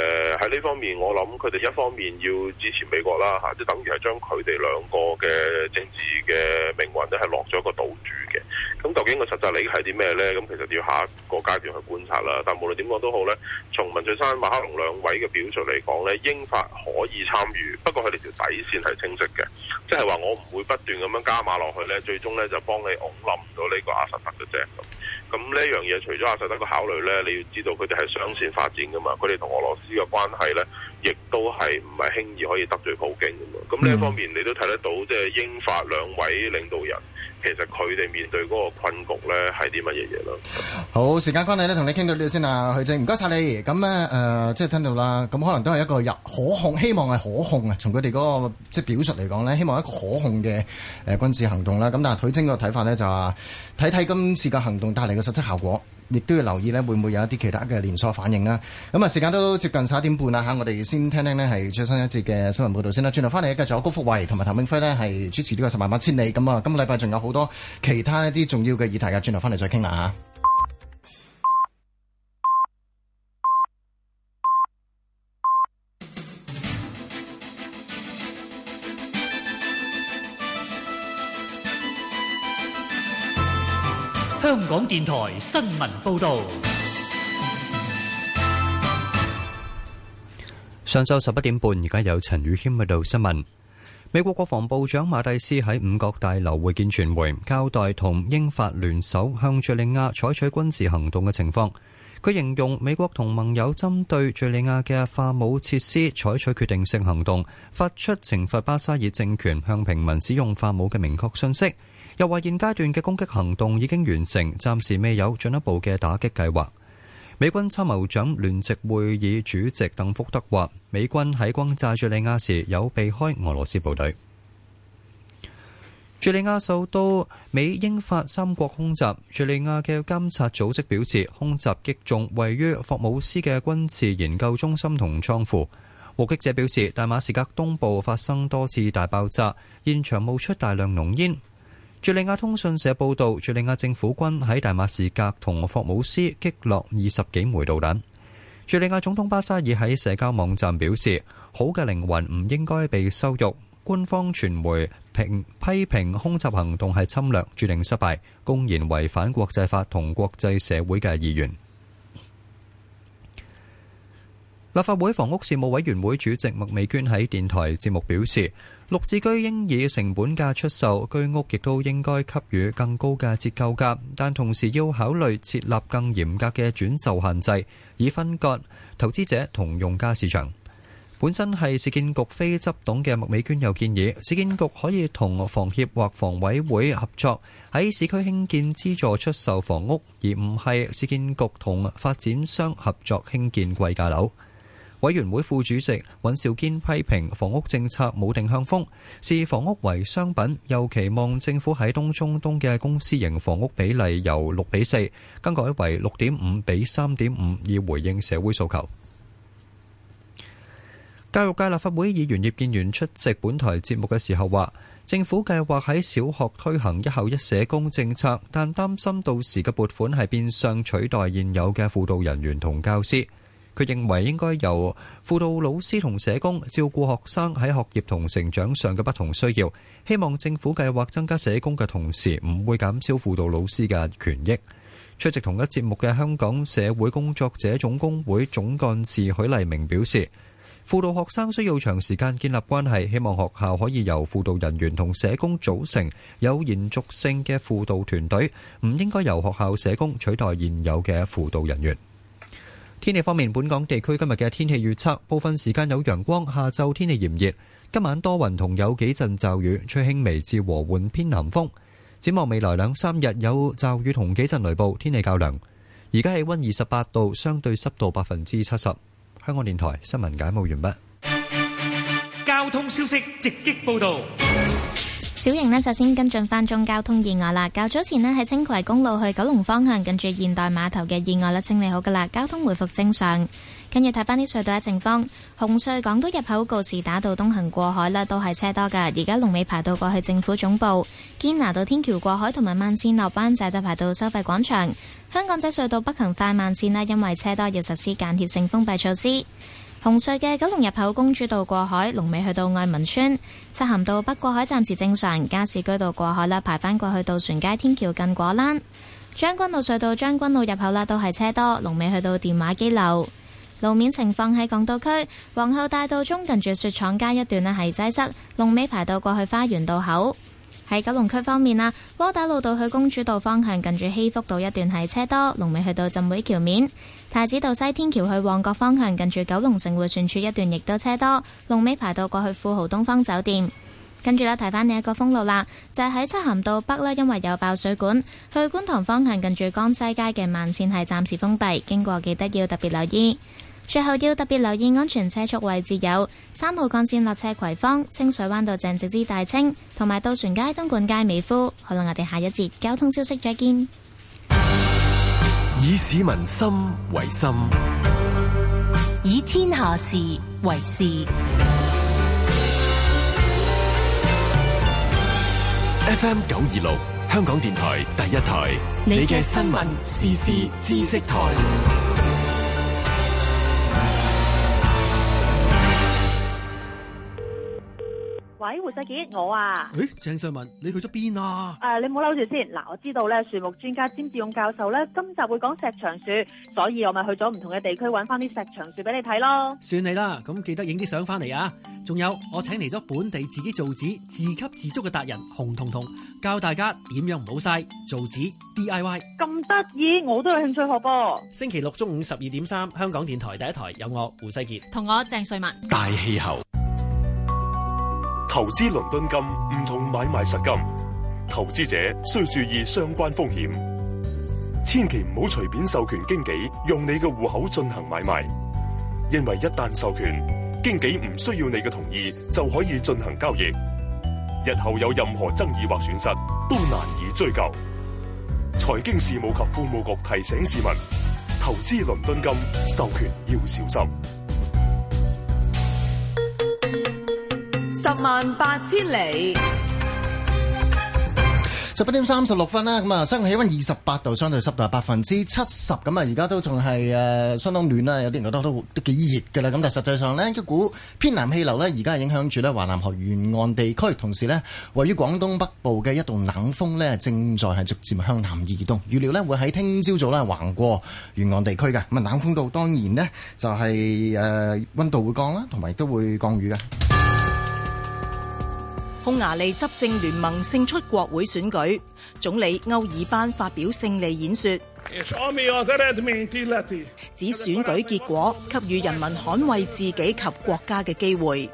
喺呢方面，我諗佢哋一方面要支持美國啦，嚇、啊，即等於係將佢哋兩個嘅政治嘅命運咧，係落咗個賭注嘅。咁究竟個實質理係啲咩呢？咁其實要下一個階段去觀察啦。但無論點講都好呢，從文翠山、馬克龍兩位嘅表述嚟講呢，英法可以參與，不過佢哋條底線係清晰嘅，即係話我唔會不斷咁樣加碼落去呢，最終呢，就幫你拱冧到呢個阿薩德嘅啫。咁呢樣嘢除咗阿薩德嘅考慮呢，你要知道佢哋係上線發展噶嘛，佢哋同俄羅斯嘅關係呢，亦都係唔係輕易可以得罪普京咁啊？咁呢一方面你都睇得到，即係英法兩位領導人。其實佢哋面對嗰個困局咧，係啲乜嘢嘢咯？好，時間關係咧，同你傾到呢度先啦，許晶，唔該晒你。咁咧，誒、呃，即係聽到啦，咁可能都係一個入可控，希望係可控啊。從佢哋嗰個即係表述嚟講咧，希望一個可控嘅誒軍事行動啦。咁但係許晶個睇法咧就話，是，睇睇今次嘅行動帶嚟嘅實質效果。亦都要留意咧，會唔會有一啲其他嘅連鎖反應啦？咁啊，時間都接近十一點半啦嚇，我哋先聽聽呢係最新一節嘅新聞報道先啦。轉頭翻嚟繼續有高福慧同埋譚永輝呢係主持呢個十萬八千里。咁啊，今個禮拜仲有好多其他一啲重要嘅議題噶，轉頭翻嚟再傾啦嚇。香港電台新聞報道：上晝十一點半，而家有陳宇謙喺度新聞。美國國防部長馬蒂斯喺五角大樓會見傳媒，交代同英法聯手向敘利亞採取軍事行動嘅情況。佢形容美國同盟友針對敘利亞嘅化武設施採取決定性行動，發出懲罰巴沙爾政權向平民使用化武嘅明確信息。又話現階段嘅攻擊行動已經完成，暫時未有進一步嘅打擊計劃。美軍參謀長聯席會議主席鄧福德話，美軍喺轟炸敘利亞時有避開俄羅斯部隊。敘利亞首都美英法三國空襲，敘利亞嘅監察組織表示，空襲擊中位於霍姆斯嘅軍事研究中心同倉庫。目擊者表示，大馬士革東部發生多次大爆炸，現場冒出大量濃煙。敘利亞通訊社報道，敘利亞政府軍喺大馬士革同霍姆斯擊落二十幾枚導彈。敘利亞總統巴沙爾喺社交網站表示：好嘅靈魂唔應該被羞辱。官方傳媒評批評空襲行動係侵略，注定失敗，公然違反國際法同國際社會嘅意願。立法會房屋事務委員會主席麥美娟喺電台節目表示。綠置居應以成本價出售，居屋，亦都應該給予更高嘅折扣價，但同時要考慮設立更嚴格嘅轉售限制，以分割投資者同用家市場。本身係市建局非執董嘅麥美娟又建議，市建局可以同房協或房委會合作喺市區興建資助出售房屋，而唔係市建局同發展商合作興建貴價樓。委員會副主席尹兆堅批評房屋政策冇定向風，視房屋為商品，又期望政府喺東中東嘅公私營房屋比例由六比四更改為六點五比三點五，以回應社會訴求。教育界立法會議員葉建源出席本台節目嘅時候話，政府計劃喺小學推行一校一社工政策，但擔心到時嘅撥款係變相取代現有嘅輔導人員同教師。佢認為應該由輔導老師同社工照顧學生喺學業同成長上嘅不同需要，希望政府計劃增加社工嘅同時，唔會減少輔導老師嘅權益。出席同一節目嘅香港社會工作者總工會總幹事許麗明表示，輔導學生需要長時間建立關係，希望學校可以由輔導人員同社工組成有延續性嘅輔導團隊，唔應該由學校社工取代現有嘅輔導人員。天氣方面，本港地區今日嘅天氣預測，部分時間有陽光，下晝天氣炎熱。今晚多雲同有幾陣驟雨，吹輕微至和緩偏南風。展望未來兩三日有驟雨同幾陣雷暴，天氣較涼。而家氣温二十八度，相對濕度百分之七十。香港電台新聞節目完畢。交通消息直擊報道。小型呢，就先跟進翻宗交通意外啦。較早前呢，喺青葵公路去九龍方向，跟住現代碼頭嘅意外啦，清理好噶啦，交通回復正常。跟住睇翻啲隧道嘅情況，紅隧港島入口告士打道東行過海啦，都係車多噶。而家龍尾排到過去政府總部，堅拿道天橋過海同埋慢線落班仔就排到收費廣場。香港仔隧道北行快慢線啦，因為車多要實施間歇性封閉措施。紅隧嘅九龍入口公主道過海，龍尾去到愛民村；漆咸道北過海暫時正常，加士居道過海啦，排翻過去渡船街天橋近果欄；將軍澳隧道將軍澳入口啦，都係車多，龍尾去到電話機樓。路面情況喺港島區皇后大道中近住雪廠街一段啦係擠塞，龍尾排到過去花園道口。喺九龍區方面啦，窩打老道去公主道方向近住禧福道一段係車多，龍尾去到浸會橋面；太子道西天橋去旺角方向近住九龍城迴旋處一段亦都車多，龍尾排到過去富豪東方酒店。跟住啦，提翻呢一個封路啦，就係、是、喺漆咸道北呢，因為有爆水管，去觀塘方向近住江西街嘅慢綫係暫時封閉，經過記得要特別留意。最後要特別留意安全車速位置，有三號幹線落車葵芳、清水灣道、鄭直之大清，同埋渡船街、東莞街、美孚。好啦，我哋下一節交通消息再見。以市民心為心，以天下事為事。F M 九二六香港電台第一台，你嘅新聞時事知識台。喂，胡世杰，我啊，誒、欸，鄭瑞文，你去咗邊啊？誒、啊，你唔好嬲住先，嗱，我知道咧，樹木專家詹志勇教授咧，今集會講石牆樹，所以我咪去咗唔同嘅地區揾翻啲石牆樹俾你睇咯。算你啦，咁記得影啲相翻嚟啊！仲有，我請嚟咗本地自己造紙自給自足嘅達人洪彤彤，教大家點樣唔好嘥造紙 DIY。咁得意，我都有興趣學噃。星期六中午十二點三，香港電台第一台有我胡世杰同我鄭瑞文。大氣候。投資倫敦金唔同買賣實金，投資者需注意相關風險，千祈唔好隨便授權經紀用你嘅戶口進行買賣，因為一旦授權，經紀唔需要你嘅同意就可以進行交易，日後有任何爭議或損失都難以追究。財經事務及庫務局提醒市民，投資倫敦金授權要小心。十萬八千里，十八點三十六分啦。咁啊，香港氣溫二十八度，相對濕度係百分之七十。咁啊，而家都仲係誒相當暖啦，有啲人覺得都都都幾熱噶啦。咁但係實際上呢，一股偏南氣流呢，而家係影響住咧華南河沿岸地區。同時呢，位於廣東北部嘅一道冷鋒呢，正在係逐漸向南移動。預料呢，會喺聽朝早呢橫過沿岸地區嘅。咁啊，冷鋒到當然呢，就係誒溫度會降啦，同埋都會降雨嘅。匈牙利執政聯盟勝出國會選舉，總理歐爾班發表勝利演說，指選舉結果給予人民捍衛自己及國家嘅機會。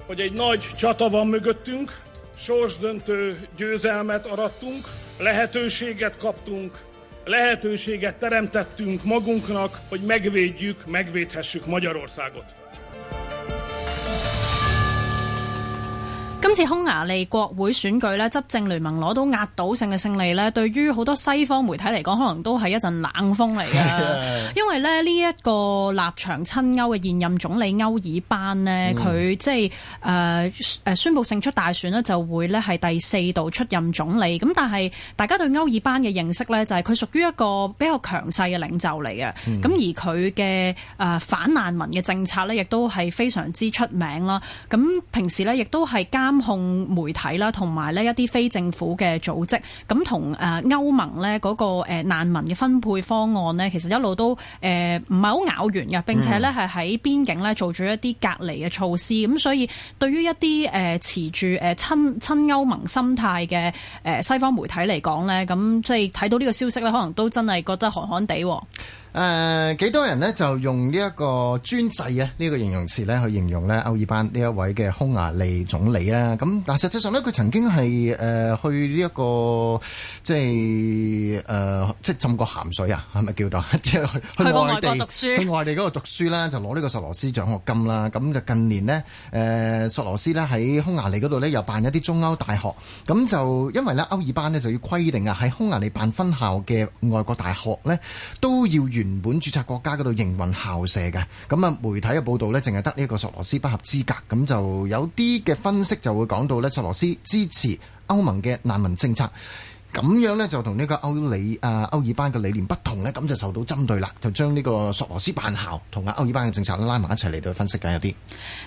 今次匈牙利國會選舉咧，執政聯盟攞到壓倒性嘅勝利咧，對於好多西方媒體嚟講可能都係一陣冷風嚟嘅。 [laughs] 因為咧，呢一個立場親歐嘅現任總理歐爾班咧，佢、嗯、即係誒誒宣布勝出大選咧，就會咧係第四度出任總理。咁但係大家對歐爾班嘅認識咧，就係佢屬於一個比較強勢嘅領袖嚟嘅。咁、嗯、而佢嘅誒反難民嘅政策咧，亦都係非常之出名啦。咁平時咧，亦都係加監控媒體啦，同埋咧一啲非政府嘅組織，咁同誒歐盟咧嗰個誒難民嘅分配方案呢，其實一路都誒唔係好拗完嘅，並且咧係喺邊境咧做咗一啲隔離嘅措施，咁所以對於一啲誒持住誒親親歐盟心態嘅誒西方媒體嚟講呢，咁即係睇到呢個消息咧，可能都真係覺得寒寒地。誒幾、呃、多人咧就用呢一個專制啊呢、這個形容詞咧去形容咧歐爾班呢一位嘅匈牙利總理啦。咁但係實際上咧，佢曾經係誒、呃、去呢、這、一個即係誒即係浸過鹹水啊，係咪叫到？即 [laughs] 係去地去，外去外地讀書去外地嗰度讀書啦，就攞呢個索羅斯獎學金啦。咁、啊、就近年咧，誒、呃、索羅斯咧喺匈牙利嗰度咧又辦一啲中歐大學，咁就因為咧歐爾班咧就要規定啊，喺匈牙利辦分，分校嘅外國大學咧都要原本註冊國家嗰度營運校舍嘅，咁啊媒體嘅報道呢，淨係得呢個索羅斯不合資格，咁就有啲嘅分析就會講到呢，索羅斯支持歐盟嘅難民政策。咁樣呢，就同呢個歐理啊歐爾班嘅理念不同呢，咁就受到針對啦，就將呢個索羅斯辦校同阿歐爾班嘅政策拉埋一齊嚟到分析緊有啲。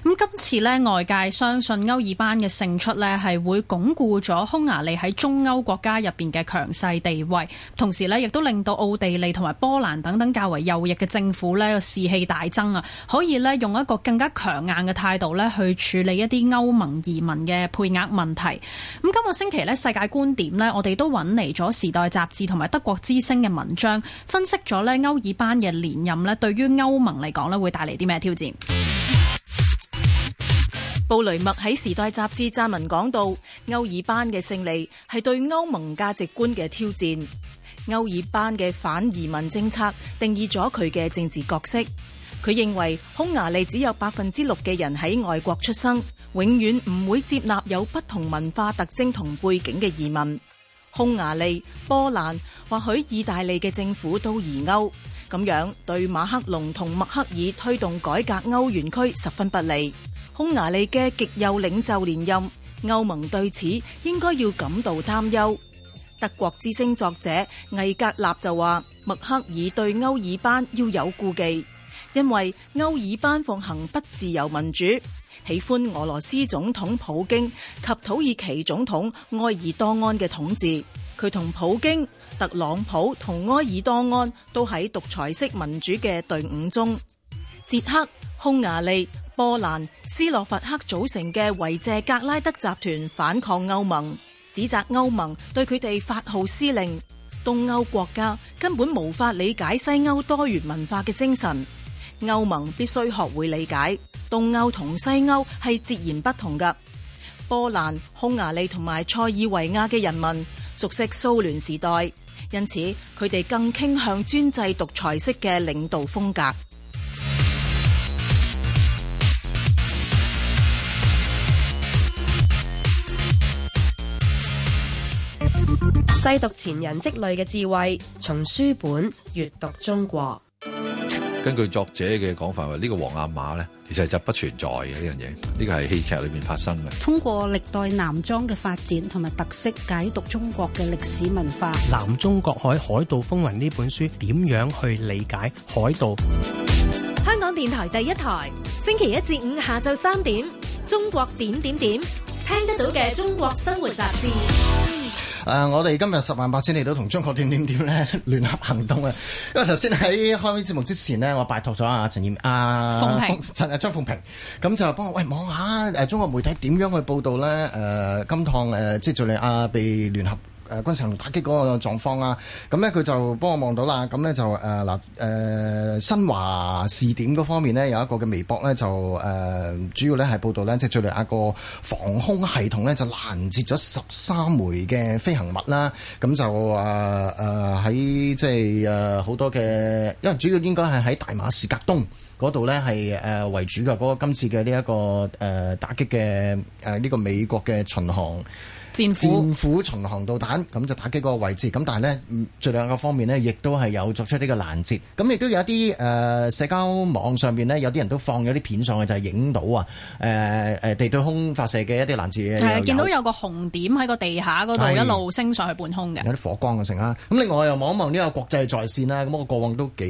咁今次呢，外界相信歐爾班嘅勝出呢係會鞏固咗匈牙利喺中歐國家入邊嘅強勢地位，同時呢亦都令到奧地利同埋波蘭等等較為右翼嘅政府呢士氣大增啊，可以呢，用一個更加強硬嘅態度呢去處理一啲歐盟移民嘅配額問題。咁今個星期呢，世界觀點呢，我哋都搵嚟咗《時代》雜誌同埋德國之聲嘅文章，分析咗呢歐爾班嘅連任呢，對於歐盟嚟講呢會帶嚟啲咩挑戰？布雷默喺《時代》雜誌撰文講到，歐爾班嘅勝利係對歐盟價值觀嘅挑戰。歐爾班嘅反移民政策定義咗佢嘅政治角色。佢認為匈牙利只有百分之六嘅人喺外國出生，永遠唔會接納有不同文化特徵同背景嘅移民。匈牙利、波蘭，或許意大利嘅政府都疑歐，咁樣對馬克龍同麥克爾推動改革歐元區十分不利。匈牙利嘅極右領袖連任，歐盟對此應該要感到擔憂。德國之聲作者魏格納就話：麥克爾對歐爾班要有顧忌，因為歐爾班奉行不自由民主。喜歡俄羅斯總統普京及土耳其總統埃爾多安嘅統治，佢同普京、特朗普同埃爾多安都喺獨裁式民主嘅隊伍中。捷克、匈牙利、波蘭、斯洛伐克組成嘅維謝格拉德集團反抗歐盟，指責歐盟對佢哋發號施令，東歐國家根本無法理解西歐多元文化嘅精神，歐盟必須學會理解。東歐同西歐係截然不同噶。波蘭、匈牙利同埋塞爾維亞嘅人民熟悉蘇聯時代，因此佢哋更傾向專制獨裁式嘅領導風格。西讀前人積累嘅智慧，從書本閱讀中國。根據作者嘅講法，話呢個黃阿瑪呢，其實就不存在嘅呢樣嘢，呢個係戲劇裏面發生嘅。通過歷代男裝嘅發展同埋特色，解讀中國嘅歷史文化。《南中國海海盜風雲》呢本書點樣去理解海盜？香港電台第一台，星期一至五下晝三點，中國點點點，聽得到嘅中國生活雜誌。誒、呃，我哋今日十萬八千嚟都同中國點點點咧聯合行動啊！因為頭先喺開呢個節目之前咧，我拜託咗阿、啊、陳燕啊張鳳平，陳啊張鳳平咁就幫我喂望下誒中國媒體點樣去報導咧誒、呃、今趟誒、呃、即係敍利亞被聯合。誒軍事打擊嗰個狀況啊，咁咧佢就幫我望到啦。咁咧就誒嗱誒新華視點嗰方面呢，有一個嘅微博咧就誒、呃、主要咧係報道咧即係敍利亞個防空系統咧就攔截咗十三枚嘅飛行物啦。咁就誒誒喺即係誒好多嘅，因為主要應該係喺大馬士革東嗰度咧係誒為主嘅嗰、那個今次嘅呢一個誒、呃、打擊嘅誒呢個美國嘅巡航。戰斧巡航導彈咁就打擊個位置，咁但係呢，最兩個方面呢，亦都係有作出呢個攔截，咁亦都有一啲誒、呃、社交網上邊呢，有啲人都放咗啲片上去，就係、是、影到啊！誒、呃、誒地對空發射嘅一啲攔截，係見到有個紅點喺個地下嗰度一路升上去半空嘅，有啲火光嘅聲啦。咁另外又望一望呢個國際在線啦，咁我過往都幾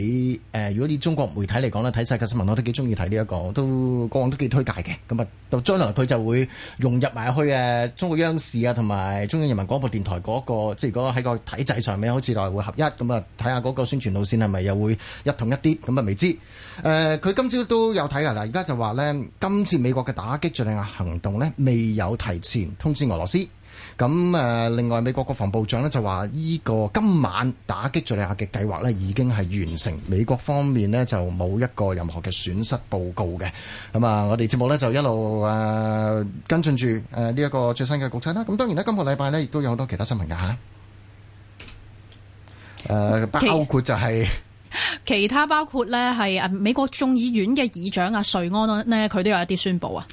誒、呃，如果以中國媒體嚟講呢，睇世界新聞我都幾中意睇呢一個，都過往都幾推介嘅。咁啊，到將來佢就會融入埋去誒中國央視啊。同埋中央人民廣播電台嗰個，即係如果喺個體制上面好似來回合一，咁啊睇下嗰個宣傳路線係咪又會一統一啲，咁啊未知。誒，佢今朝都有睇噶啦，而家就話咧，今次美國嘅打擊敘利亞行動咧，未有提前通知俄羅斯。咁誒，另外美國國防部長呢就話，依個今晚打擊敍利亞嘅計劃呢已經係完成，美國方面呢就冇一個任何嘅損失報告嘅。咁啊，我哋節目呢就一路誒、呃、跟進住誒呢一個最新嘅局勢啦。咁當然啦，今個禮拜呢亦都有好多其他新聞嘅嚇。誒、呃，包括就係、是、其他包括呢係啊美國眾議院嘅議長阿、啊、瑞安呢佢都有一啲宣佈啊。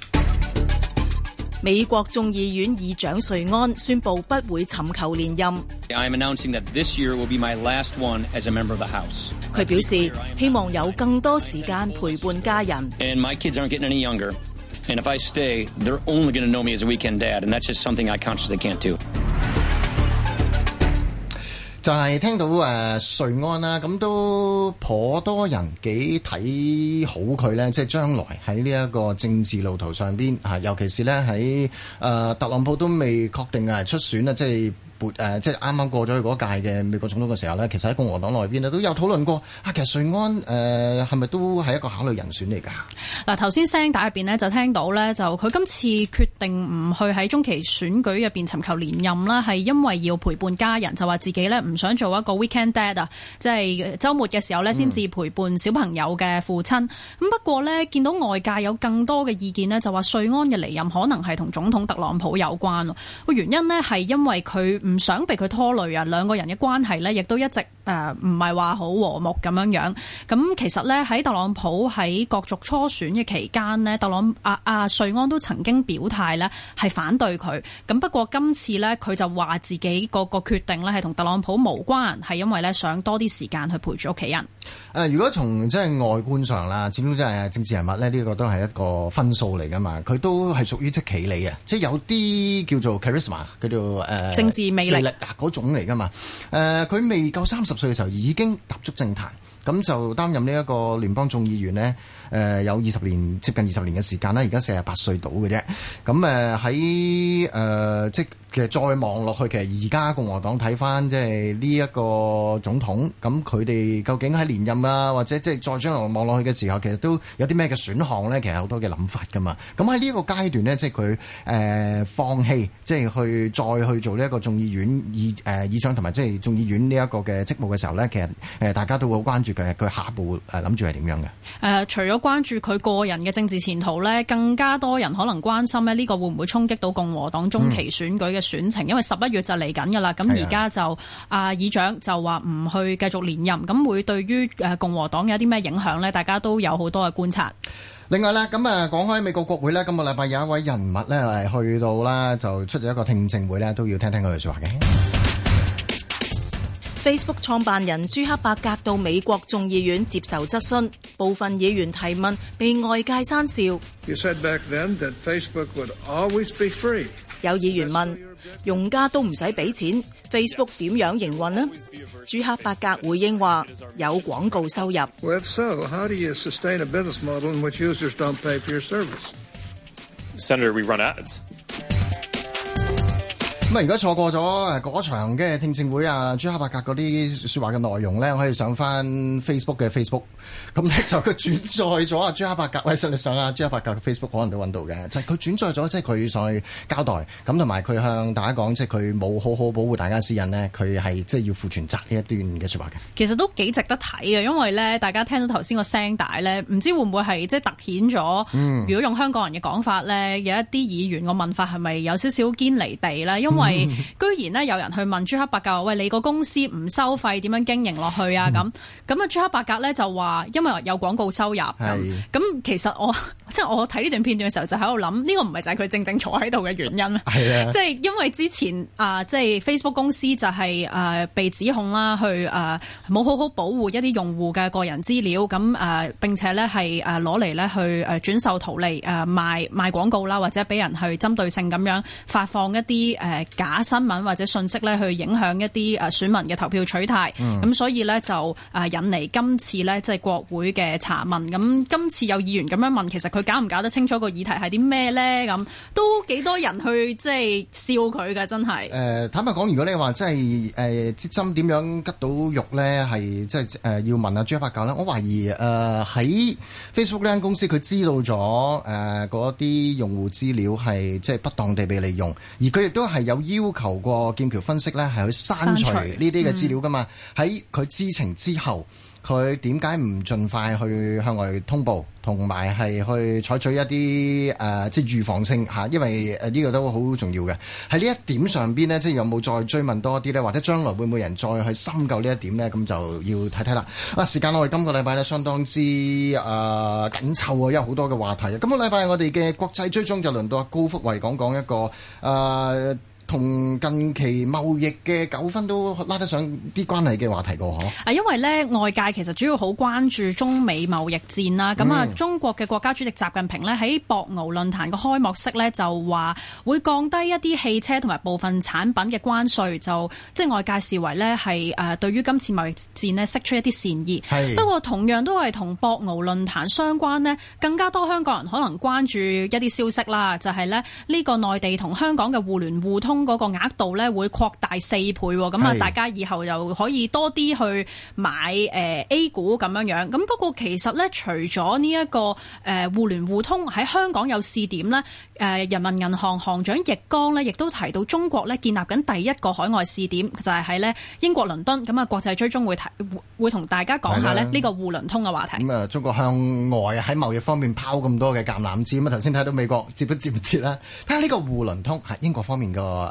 美國眾議院議長瑞安宣布不會尋求連任。I'm announcing that this year will be my last one as a member of the House. 佢表示希望有更多時間陪伴家人。And my kids aren't getting any younger, and if I stay, they're only going to know me as a weekend dad, and that's just something I consciously can't do. 就係聽到誒、呃、瑞安啦，咁都頗多人幾睇好佢咧，即係將來喺呢一個政治路途上邊嚇，尤其是咧喺誒特朗普都未確定啊出選啦，即係。誒即係啱啱過咗去嗰屆嘅美國總統嘅時候呢，其實喺共和黨內邊呢都有討論過。啊，其實瑞安誒係咪都係一個考慮人選嚟㗎？嗱，頭先聲帶入邊呢，就聽到呢，就佢今次決定唔去喺中期選舉入邊尋求連任啦，係因為要陪伴家人，就話自己呢唔想做一個 weekend dad 啊，即係週末嘅時候呢先至陪伴小朋友嘅父親。咁、嗯、不過呢，見到外界有更多嘅意見呢，就話瑞安嘅離任可能係同總統特朗普有關咯。個原因呢，係因為佢。唔想被佢拖累啊！兩個人嘅關係呢亦都一直誒唔係話好和睦咁樣樣。咁其實呢，喺特朗普喺角逐初選嘅期間呢，特朗普阿、啊啊、瑞安都曾經表態呢係反對佢。咁不過今次呢，佢就話自己個個決定呢係同特朗普無關，係因為呢想多啲時間去陪住屋企人。誒、呃，如果從即係外觀上啦，始終即係政治人物呢，呢、這個都係一個分數嚟㗎嘛。佢都係屬於即係企理啊，即係有啲叫做 charisma 叫做誒、呃、政治魅力嗱嗰種嚟噶嘛？誒、呃，佢未夠三十歲嘅時候已經踏足政壇，咁就擔任呢一個聯邦眾議員呢誒、呃，有二十年接近二十年嘅時間啦，而家四十八歲到嘅啫。咁誒喺誒即。其實再望落去，其實而家共和黨睇翻即係呢一個總統，咁佢哋究竟係連任啦、啊，或者即係再將來望落去嘅時候，其實都有啲咩嘅選項咧？其實好多嘅諗法噶嘛。咁喺呢個階段呢，即係佢誒放棄，即係去再去做呢一個眾議院議誒、呃、議長同埋即係眾議院呢一個嘅職務嘅時候咧，其實誒大家都會好關注佢佢下一步誒諗住係點樣嘅。誒、呃，除咗關注佢個人嘅政治前途咧，更加多人可能關心咧呢個會唔會衝擊到共和黨中期選舉嘅、嗯？選情，因為十一月就嚟緊噶啦，咁而家就啊，議長就話唔去繼續連任，咁會對於誒共和黨有啲咩影響呢？大家都有好多嘅觀察。另外咧，咁啊，講開美國國會呢，今個禮拜有一位人物呢，係去到咧就出咗一個聽證會呢，都要聽聽佢哋說話嘅。Facebook 創辦人朱克伯格到美國眾議院接受質詢，部分議員提問被外界訕笑。You said back then that Facebook would always be free。有議員問。用家都唔使俾錢，Facebook 點 Yes. 樣營運呢？朱克伯格回應話：有廣告收入。Well, if so, how do you sustain a business model in which users don't pay for your service? Senator, we run ads. 咁而家如果錯過咗誒嗰場嘅聽證會啊，朱克伯格嗰啲説話嘅內容咧，我可以上翻 Facebook 嘅 Facebook。咁咧就佢轉載咗啊， [laughs] 朱克伯格，其實你上啊朱克伯格嘅 Facebook 可能都揾到嘅，就係、是、佢轉載咗，即係佢上去交代，咁同埋佢向大家講，即係佢冇好好保護大家私隱呢，佢係即係要負全責呢一段嘅説話嘅。其實都幾值得睇嘅，因為咧，大家聽到頭先個聲帶咧，唔知會唔會係即係突顯咗？如果用香港人嘅講法咧，嗯、有一啲議員個問法係咪有少少堅離地咧？因為因為居然咧有人去問朱克伯格，喂，你個公司唔收費點樣經營落去啊？咁咁啊，朱克伯格咧就話，因為有廣告收入。咁是的 其實我即係我睇呢段片段嘅時候就，就喺度諗，呢個唔係就係佢正正坐喺度嘅原因係啊，即係是的 因為之前啊，即係 Facebook 公司就係、是、誒、啊、被指控啦，去誒冇好好保護一啲用戶嘅個人資料，咁、啊、誒並且咧係誒攞嚟咧去誒轉售圖嚟誒、啊、賣賣廣告啦，或者俾人去針對性咁樣發放一啲誒。啊啊假新聞或者信息咧，去影響一啲誒選民嘅投票取態。咁、嗯、所以咧就誒引嚟今次咧，即係國會嘅查問。咁今次有議員咁樣問，其實佢搞唔搞得清楚個議題係啲咩咧？咁都幾多人去即係笑佢㗎，真係。誒、呃，坦白講，如果你話即係誒針點樣吉到肉咧，係、呃、即係誒、呃呃呃、要問阿朱一發教啦。我懷疑誒喺、呃、Facebook 呢間公司，佢知道咗誒嗰啲用戶資料係即係不當地被利用，而佢亦都係有。要求過劍橋分析呢係去刪除呢啲嘅資料噶嘛？喺佢、嗯、知情之後，佢點解唔盡快去向外通報，同埋係去採取一啲誒、呃、即係預防性嚇、啊？因為誒呢個都好重要嘅。喺呢一點上邊呢，即係有冇再追問多啲呢？或者將來會唔會人再去深究呢一點呢？咁就要睇睇啦。啊，時間我哋今個禮拜呢，相當之誒、呃、緊湊啊，因為好多嘅話題啊。今、那個禮拜我哋嘅國際追蹤就輪到阿高福衛講講一個誒。呃同近期貿易嘅糾紛都拉得上啲關係嘅話題嘅嗬，啊，因為咧外界其實主要好關注中美貿易戰啦，咁、嗯、啊，中國嘅國家主席習近平咧喺博鰲論壇嘅開幕式咧就話會降低一啲汽車同埋部分產品嘅關稅，就即係外界視為咧係誒對於今次貿易戰咧釋出一啲善意。不過是同樣都係同博鰲論壇相關咧，更加多香港人可能關注一啲消息啦，就係、是、咧呢、呢個內地同香港嘅互聯互通。嗰個額度咧會擴大四倍，咁啊是，大家以後又可以多啲去買誒 A 股咁樣樣。咁不過其實咧，除咗呢一個誒互聯互通喺香港有試點咧，誒人民銀行行長易綱咧亦都提到，中國咧建立緊第一個海外試點，就係喺咧英國倫敦。咁啊，國際追蹤會提會同大家講下咧呢個滬倫通嘅話題。咁啊，中國向外喺貿易方面拋咁多嘅橄欖枝，咁啊頭先睇到美國接不接唔接啦？睇下呢個滬倫通喺英國方面個。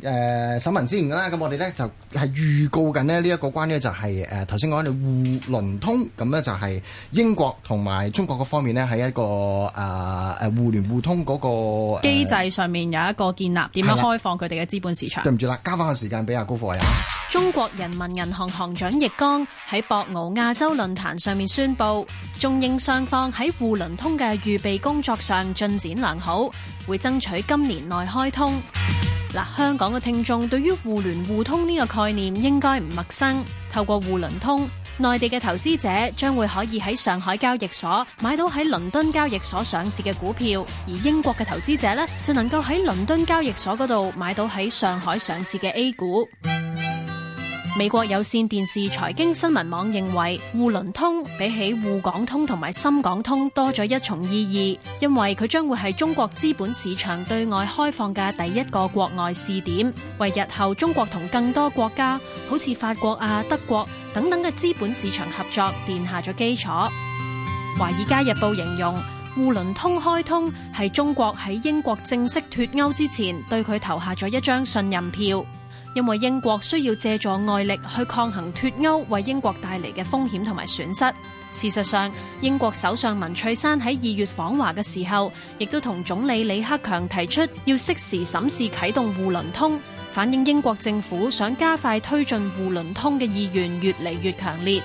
誒、呃、審問之前啦，咁、嗯、我哋咧就係、是、預告緊咧呢、這個就是呃、一個關咧就係誒頭先講你互聯通，咁咧就係英國同埋中國嗰方面咧喺一個誒誒互聯互通嗰、那個機、呃、制上面有一個建立，點樣開放佢哋嘅資本市場？對唔住啦，交翻個時間俾阿高富偉。嗯、中國人民銀行行長易剛喺博鰲亞洲論壇上面宣布，中英雙方喺互聯通嘅預備工作上進展良好，會爭取今年內開通。嗱，香港嘅聽眾對於互聯互通呢個概念應該唔陌生。透過滬倫通，內地嘅投資者將會可以喺上海交易所買到喺倫敦交易所上市嘅股票，而英國嘅投資者呢，就能夠喺倫敦交易所嗰度買到喺上海上市嘅 A 股。美國有線電視財經新聞網認為，滬倫通比起滬港通同埋深港通多咗一重意義，因為佢將會係中國資本市場對外開放嘅第一個國外試點，為日後中國同更多國家好似法國啊、德國等等嘅資本市場合作奠下咗基礎。華爾街日報形容滬倫通開通係中國喺英國正式脫歐之前對佢投下咗一張信任票。因為英國需要借助外力去抗衡脫歐為英國帶嚟嘅風險同埋損失。事實上，英國首相文翠珊喺二月訪華嘅時候，亦都同總理李克強提出要適時審視啟動滬倫通，反映英國政府想加快推進滬倫通嘅意願越嚟越強烈。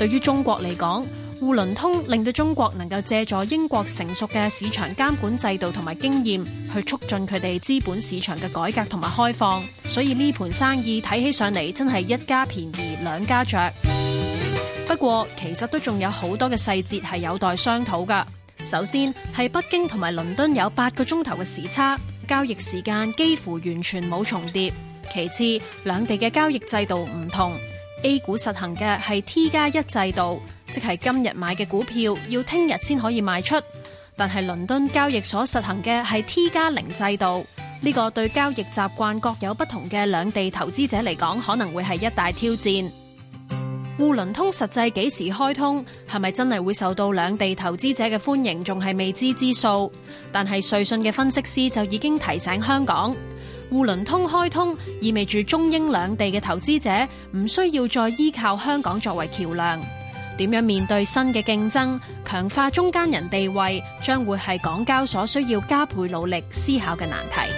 對於中國嚟講，滬倫通令到中國能夠借助英國成熟嘅市場監管制度同埋經驗，去促進佢哋資本市場嘅改革同埋開放。所以呢盤生意睇起上嚟真係一家便宜兩家着。不過其實都仲有好多嘅細節係有待商討㗎。首先喺北京同埋倫敦有八個鐘頭嘅時差，交易時間幾乎完全冇重疊。其次兩地嘅交易制度唔同，A 股實行嘅係 T 加一制度。即係今日買嘅股票，要聽日先可以賣出。但係倫敦交易所實行嘅係 T 加零制度，呢個對交易習慣各有不同嘅兩地投資者嚟講，可能會係一大挑戰。滬倫通實際幾時開通，係咪真係會受到兩地投資者嘅歡迎，仲係未知之數。但係瑞信嘅分析師就已經提醒香港，滬倫通開通意味住中英兩地嘅投資者唔需要再依靠香港作為橋梁。點樣面對新嘅競爭，強化中間人地位，將會係港交所需要加倍努力思考嘅難題。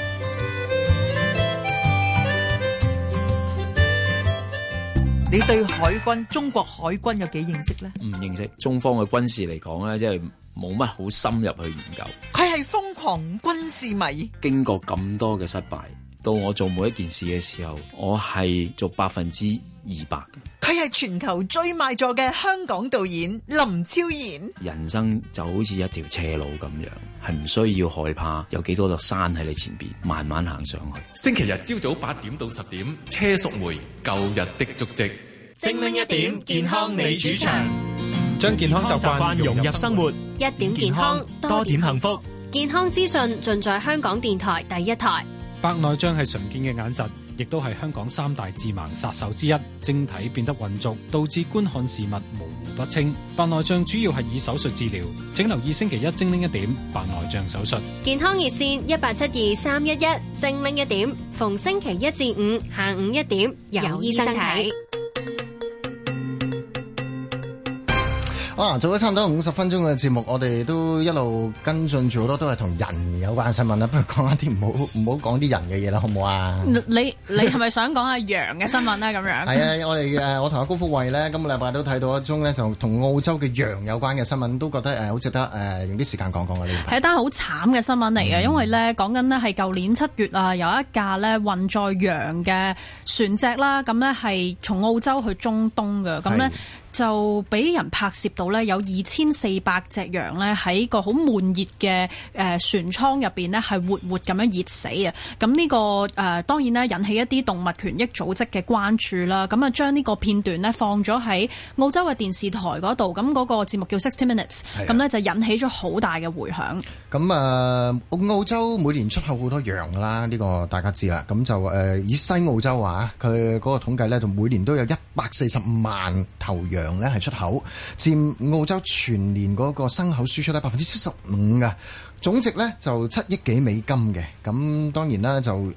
你對海軍、中國海軍有幾認識呢？唔認識，中方嘅軍事嚟講咧，即係冇乜好深入去研究。佢係瘋狂軍事迷。經過咁多嘅失敗，到我做每一件事嘅時候，我係做百分之二百。佢係全球最賣座嘅香港導演林超賢。人生就好似一條斜路咁樣，係唔需要害怕，有幾多座山喺你前邊，慢慢行上去。星期日朝早八點到十點，車淑梅舊日的足跡，精靈一點健康你主場，將健康習慣融入生活，生活一點健康多點幸福，健康資訊盡在香港電台第一台。白內障係常見嘅眼疾。亦都係香港三大致盲殺手之一，晶體變得渾濁，導致觀看事物模糊不清。白內障主要係以手術治療，請留意星期一精靈一點白內障手術。健康熱線一八七二三一一精靈一點，逢星期一至五下午一點有醫生睇。哇、哦！做咗差唔多五十分鐘嘅節目，我哋都一路跟進住好多都係同人有關嘅新聞啦。不如講一啲唔好唔好講啲人嘅嘢啦，好唔好啊？你你係咪想講下羊嘅新聞咧？咁樣？係啊！我哋誒我同阿高福慧咧，今個禮拜都睇到一宗咧，就同澳洲嘅羊有關嘅新聞，都覺得誒好值得誒、呃、用啲時間講講嘅呢？係一單好慘嘅新聞嚟嘅，因為咧講緊呢係舊年七月啊，有一架咧運載羊嘅船隻啦，咁咧係從澳洲去中東嘅，咁咧。就俾人拍攝到咧，有二千四百隻羊咧喺個好悶熱嘅誒船艙入邊咧，係活活咁樣熱死啊！咁呢、呢個誒、呃、當然咧引起一啲動物權益組織嘅關注啦。咁啊將呢個片段咧放咗喺澳洲嘅電視台度，咁、嗰個節目叫《Sixty Minutes》，咁咧就引起咗好大嘅回響。咁啊，澳、呃、澳洲每年出口好多羊啦，呢、呢個大家知啦。咁就誒以、呃、西澳洲話佢個統計咧，就每年都有一百四十五萬頭羊。咧係出口，佔澳洲全年嗰個牲口輸出咧百分之七十五噶。總值咧就七億幾美金嘅，咁當然啦，就誒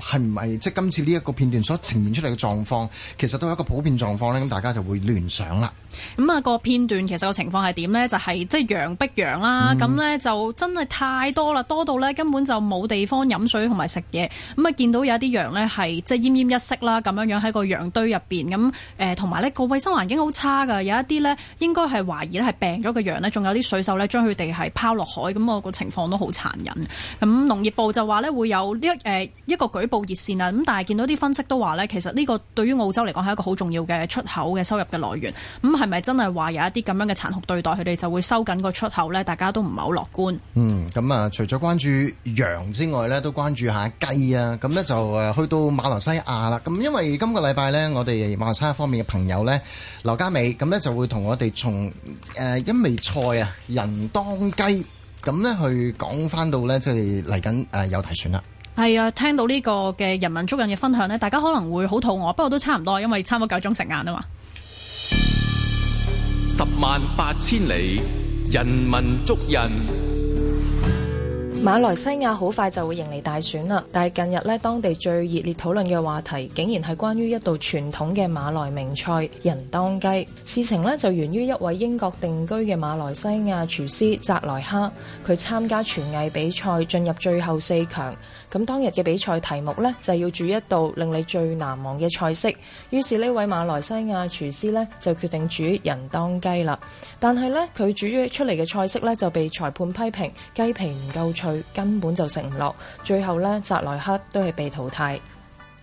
係唔係即係今次呢一個片段所呈現出嚟嘅狀況，其實都有一個普遍狀況咧，咁大家就會聯想啦。咁啊、嗯嗰個片段其實個情況係點呢？就係即係羊逼羊啦、啊，咁呢、嗯、就真係太多啦，多到呢根本就冇地方飲水同埋食嘢。咁、嗯、啊見到有一啲羊呢係即係奄奄一息啦，咁樣樣喺個羊堆入邊咁誒，同埋、呃、呢個衞生環境好差㗎，有一啲呢應該係懷疑咧係病咗嘅羊呢，仲有啲水手呢將佢哋係拋落海咁啊、嗰個情況都好殘忍，咁農業部就話咧會有呢一誒、呃、一個舉報熱線啊，咁但係見到啲分析都話咧，其實呢個對於澳洲嚟講係一個好重要嘅出口嘅收入嘅來源，咁係咪真係話有一啲咁樣嘅殘酷對待佢哋就會收緊個出口呢？大家都唔係好樂觀嗯。嗯，咁啊，除咗關注羊之外咧，都關注下雞啊，咁呢就誒去到馬來西亞啦，咁因為今個禮拜呢，我哋馬來西亞方面嘅朋友呢，劉嘉美咁呢就會同我哋從誒一味菜啊，仁當雞。咁咧，去講翻到咧，即係嚟緊誒有提選啦。係啊，聽到呢個嘅人民足印嘅分享咧，大家可能會好肚餓，不過都差唔多，因為差唔多夠鐘食晏啊嘛。十萬八千里，人民足印。馬來西亞好快就會迎嚟大選啦，但係近日咧，當地最熱烈討論嘅話題，竟然係關於一道傳統嘅馬來名菜——人當雞。事情呢，就源於一位英國定居嘅馬來西亞廚師扎萊哈，佢參加廚藝比賽，進入最後四強。咁當日嘅比賽題目呢，就係要煮一道令你最難忘嘅菜式。於是呢位馬來西亞廚師呢，就決定煮人當雞啦。但係呢，佢煮出嚟嘅菜式呢，就被裁判批評雞皮唔夠脆，根本就食唔落。最後呢，澤萊克都係被淘汰。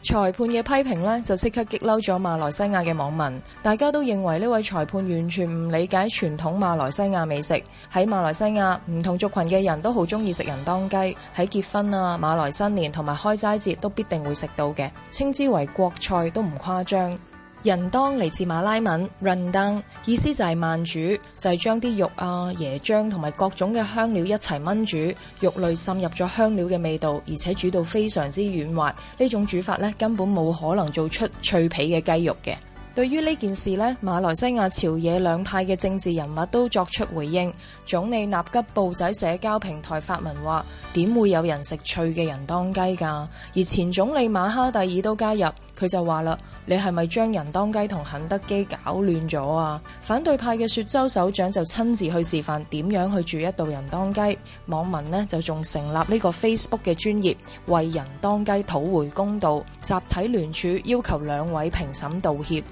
裁判嘅批評呢，就即刻激嬲咗馬來西亞嘅網民，大家都認為呢位裁判完全唔理解傳統馬來西亞美食。喺馬來西亞，唔同族群嘅人都好鍾意食人當雞，喺結婚啊、馬來新年同埋開齋節都必定會食到嘅，稱之為國菜都唔誇張。人當嚟自馬來文 rendang，意思就係慢煮，就係將啲肉啊、椰漿同埋各種嘅香料一齊炆煮，肉類滲入咗香料嘅味道，而且煮到非常之軟滑。呢種煮法呢，根本冇可能做出脆皮嘅雞肉嘅。對於呢件事呢，馬來西亞朝野兩派嘅政治人物都作出回應。總理納吉布仔社交平台發文話：點會有人食脆嘅人當雞㗎？而前總理馬哈蒂爾都加入，佢就話啦：你係咪將人當雞同肯德基搞亂咗啊？反對派嘅雪州首長就親自去示範點樣去煮一道人當雞。網民呢就仲成立呢個 Facebook 嘅專頁，為人當雞討回公道，集體聯署要求兩位評審道歉。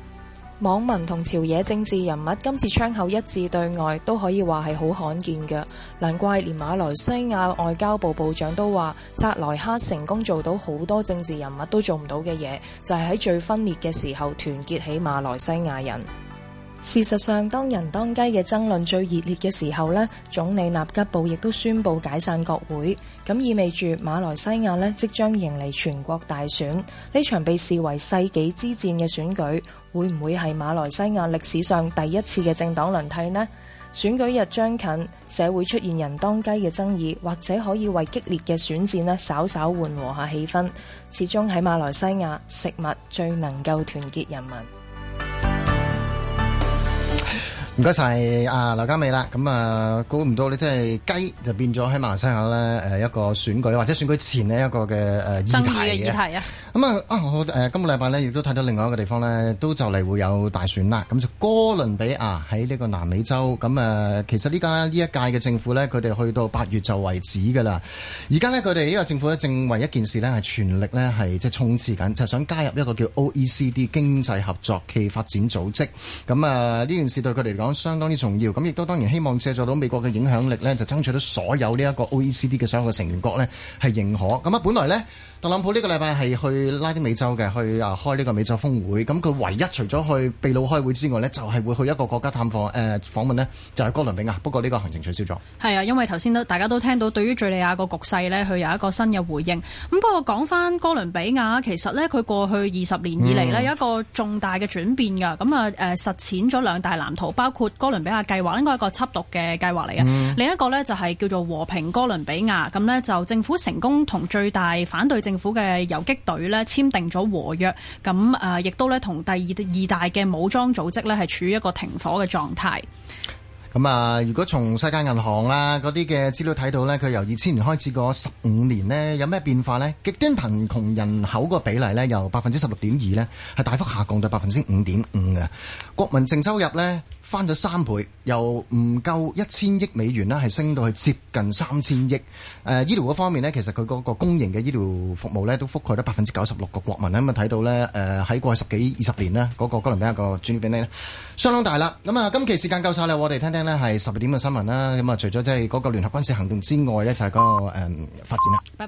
網民同朝野政治人物今次窗口一致對外，都可以話係好罕見嘅。難怪連馬來西亞外交部部長都話，扎萊哈成功做到好多政治人物都做唔到嘅嘢，就係喺最分裂嘅時候，團結起馬來西亞人。事實上，當人當雞嘅爭論最熱烈嘅時候咧，總理納吉布亦都宣布解散國會，咁意味住馬來西亞呢，即將迎嚟全國大選。呢場被視為世紀之戰嘅選舉，會唔會係馬來西亞歷史上第一次嘅政黨輪替呢？選舉日將近，社會出現人當雞嘅爭議，或者可以為激烈嘅選戰咧稍稍緩和下氣氛。始終喺馬來西亞，食物最能夠團結人民。唔該晒啊，謝謝劉家美啦，咁、嗯、啊，估唔到你即係雞就變咗喺馬來西亞咧，誒一個選舉或者選舉前呢一個嘅誒議題嘅嘢。議題啊！咁啊、嗯、啊，好誒、呃、今個禮拜咧，亦都睇到另外一個地方咧，都就嚟會有大選啦。咁、嗯、就哥倫比亞喺呢個南美洲，咁、嗯、啊。其實呢家呢一屆嘅政府咧，佢哋去到八月就為止噶啦。而家呢，佢哋呢個政府咧，正為一件事咧，係全力咧係即係衝刺緊，就係、想加入一個叫 O E C D 經濟合作暨發展組織。咁、嗯、啊，呢、嗯嗯、件事對佢哋嚟講。相當之重要，咁亦都當然希望借助到美國嘅影響力呢就爭取到所有呢一個 OECD 嘅所有嘅成員國呢係認可。咁啊，本來呢特朗普呢個禮拜係去拉丁美洲嘅，去啊開呢個美洲峰會。咁佢唯一除咗去秘魯開會之外呢就係、是、會去一個國家探訪誒、呃、訪問呢就係、是、哥倫比亞。不過呢個行程取消咗。係啊，因為頭先都大家都聽到對於敍利亞個局勢呢，佢有一個新嘅回應。咁不過講翻哥倫比亞，其實呢佢過去二十年以嚟呢，嗯、有一個重大嘅轉變㗎。咁啊誒實踐咗兩大藍圖，包括括哥倫比亞計劃，應該係一個緝毒嘅計劃嚟嘅。嗯、另一個呢，就係叫做和平哥倫比亞咁呢，就政府成功同最大反對政府嘅游擊隊呢，簽訂咗和約。咁誒，亦都呢，同第二二大嘅武裝組織呢，係處於一個停火嘅狀態。咁啊、嗯，如果從世界銀行啊嗰啲嘅資料睇到呢，佢由二千年開始個十五年呢，有咩變化呢？極端貧窮人口個比例呢，由百分之十六點二呢，係大幅下降到百分之五點五嘅國民淨收入呢。翻咗三倍，由唔夠一千億美元啦，係升到去接近三千億。誒、呃、醫療嗰方面呢，其實佢嗰個公營嘅醫療服務呢都覆蓋咗百分之九十六個國民啦。咁、嗯、啊，睇到呢，誒、呃、喺過去十幾二十年呢，嗰、那個哥倫比亞個轉變呢，相當大啦。咁、嗯、啊，今期時間夠晒啦，我哋聽聽呢係十二點嘅新聞啦。咁、嗯、啊，除咗即係嗰個聯合軍事行動之外呢，就係、是、嗰、那個誒、嗯、發展啦。拜拜。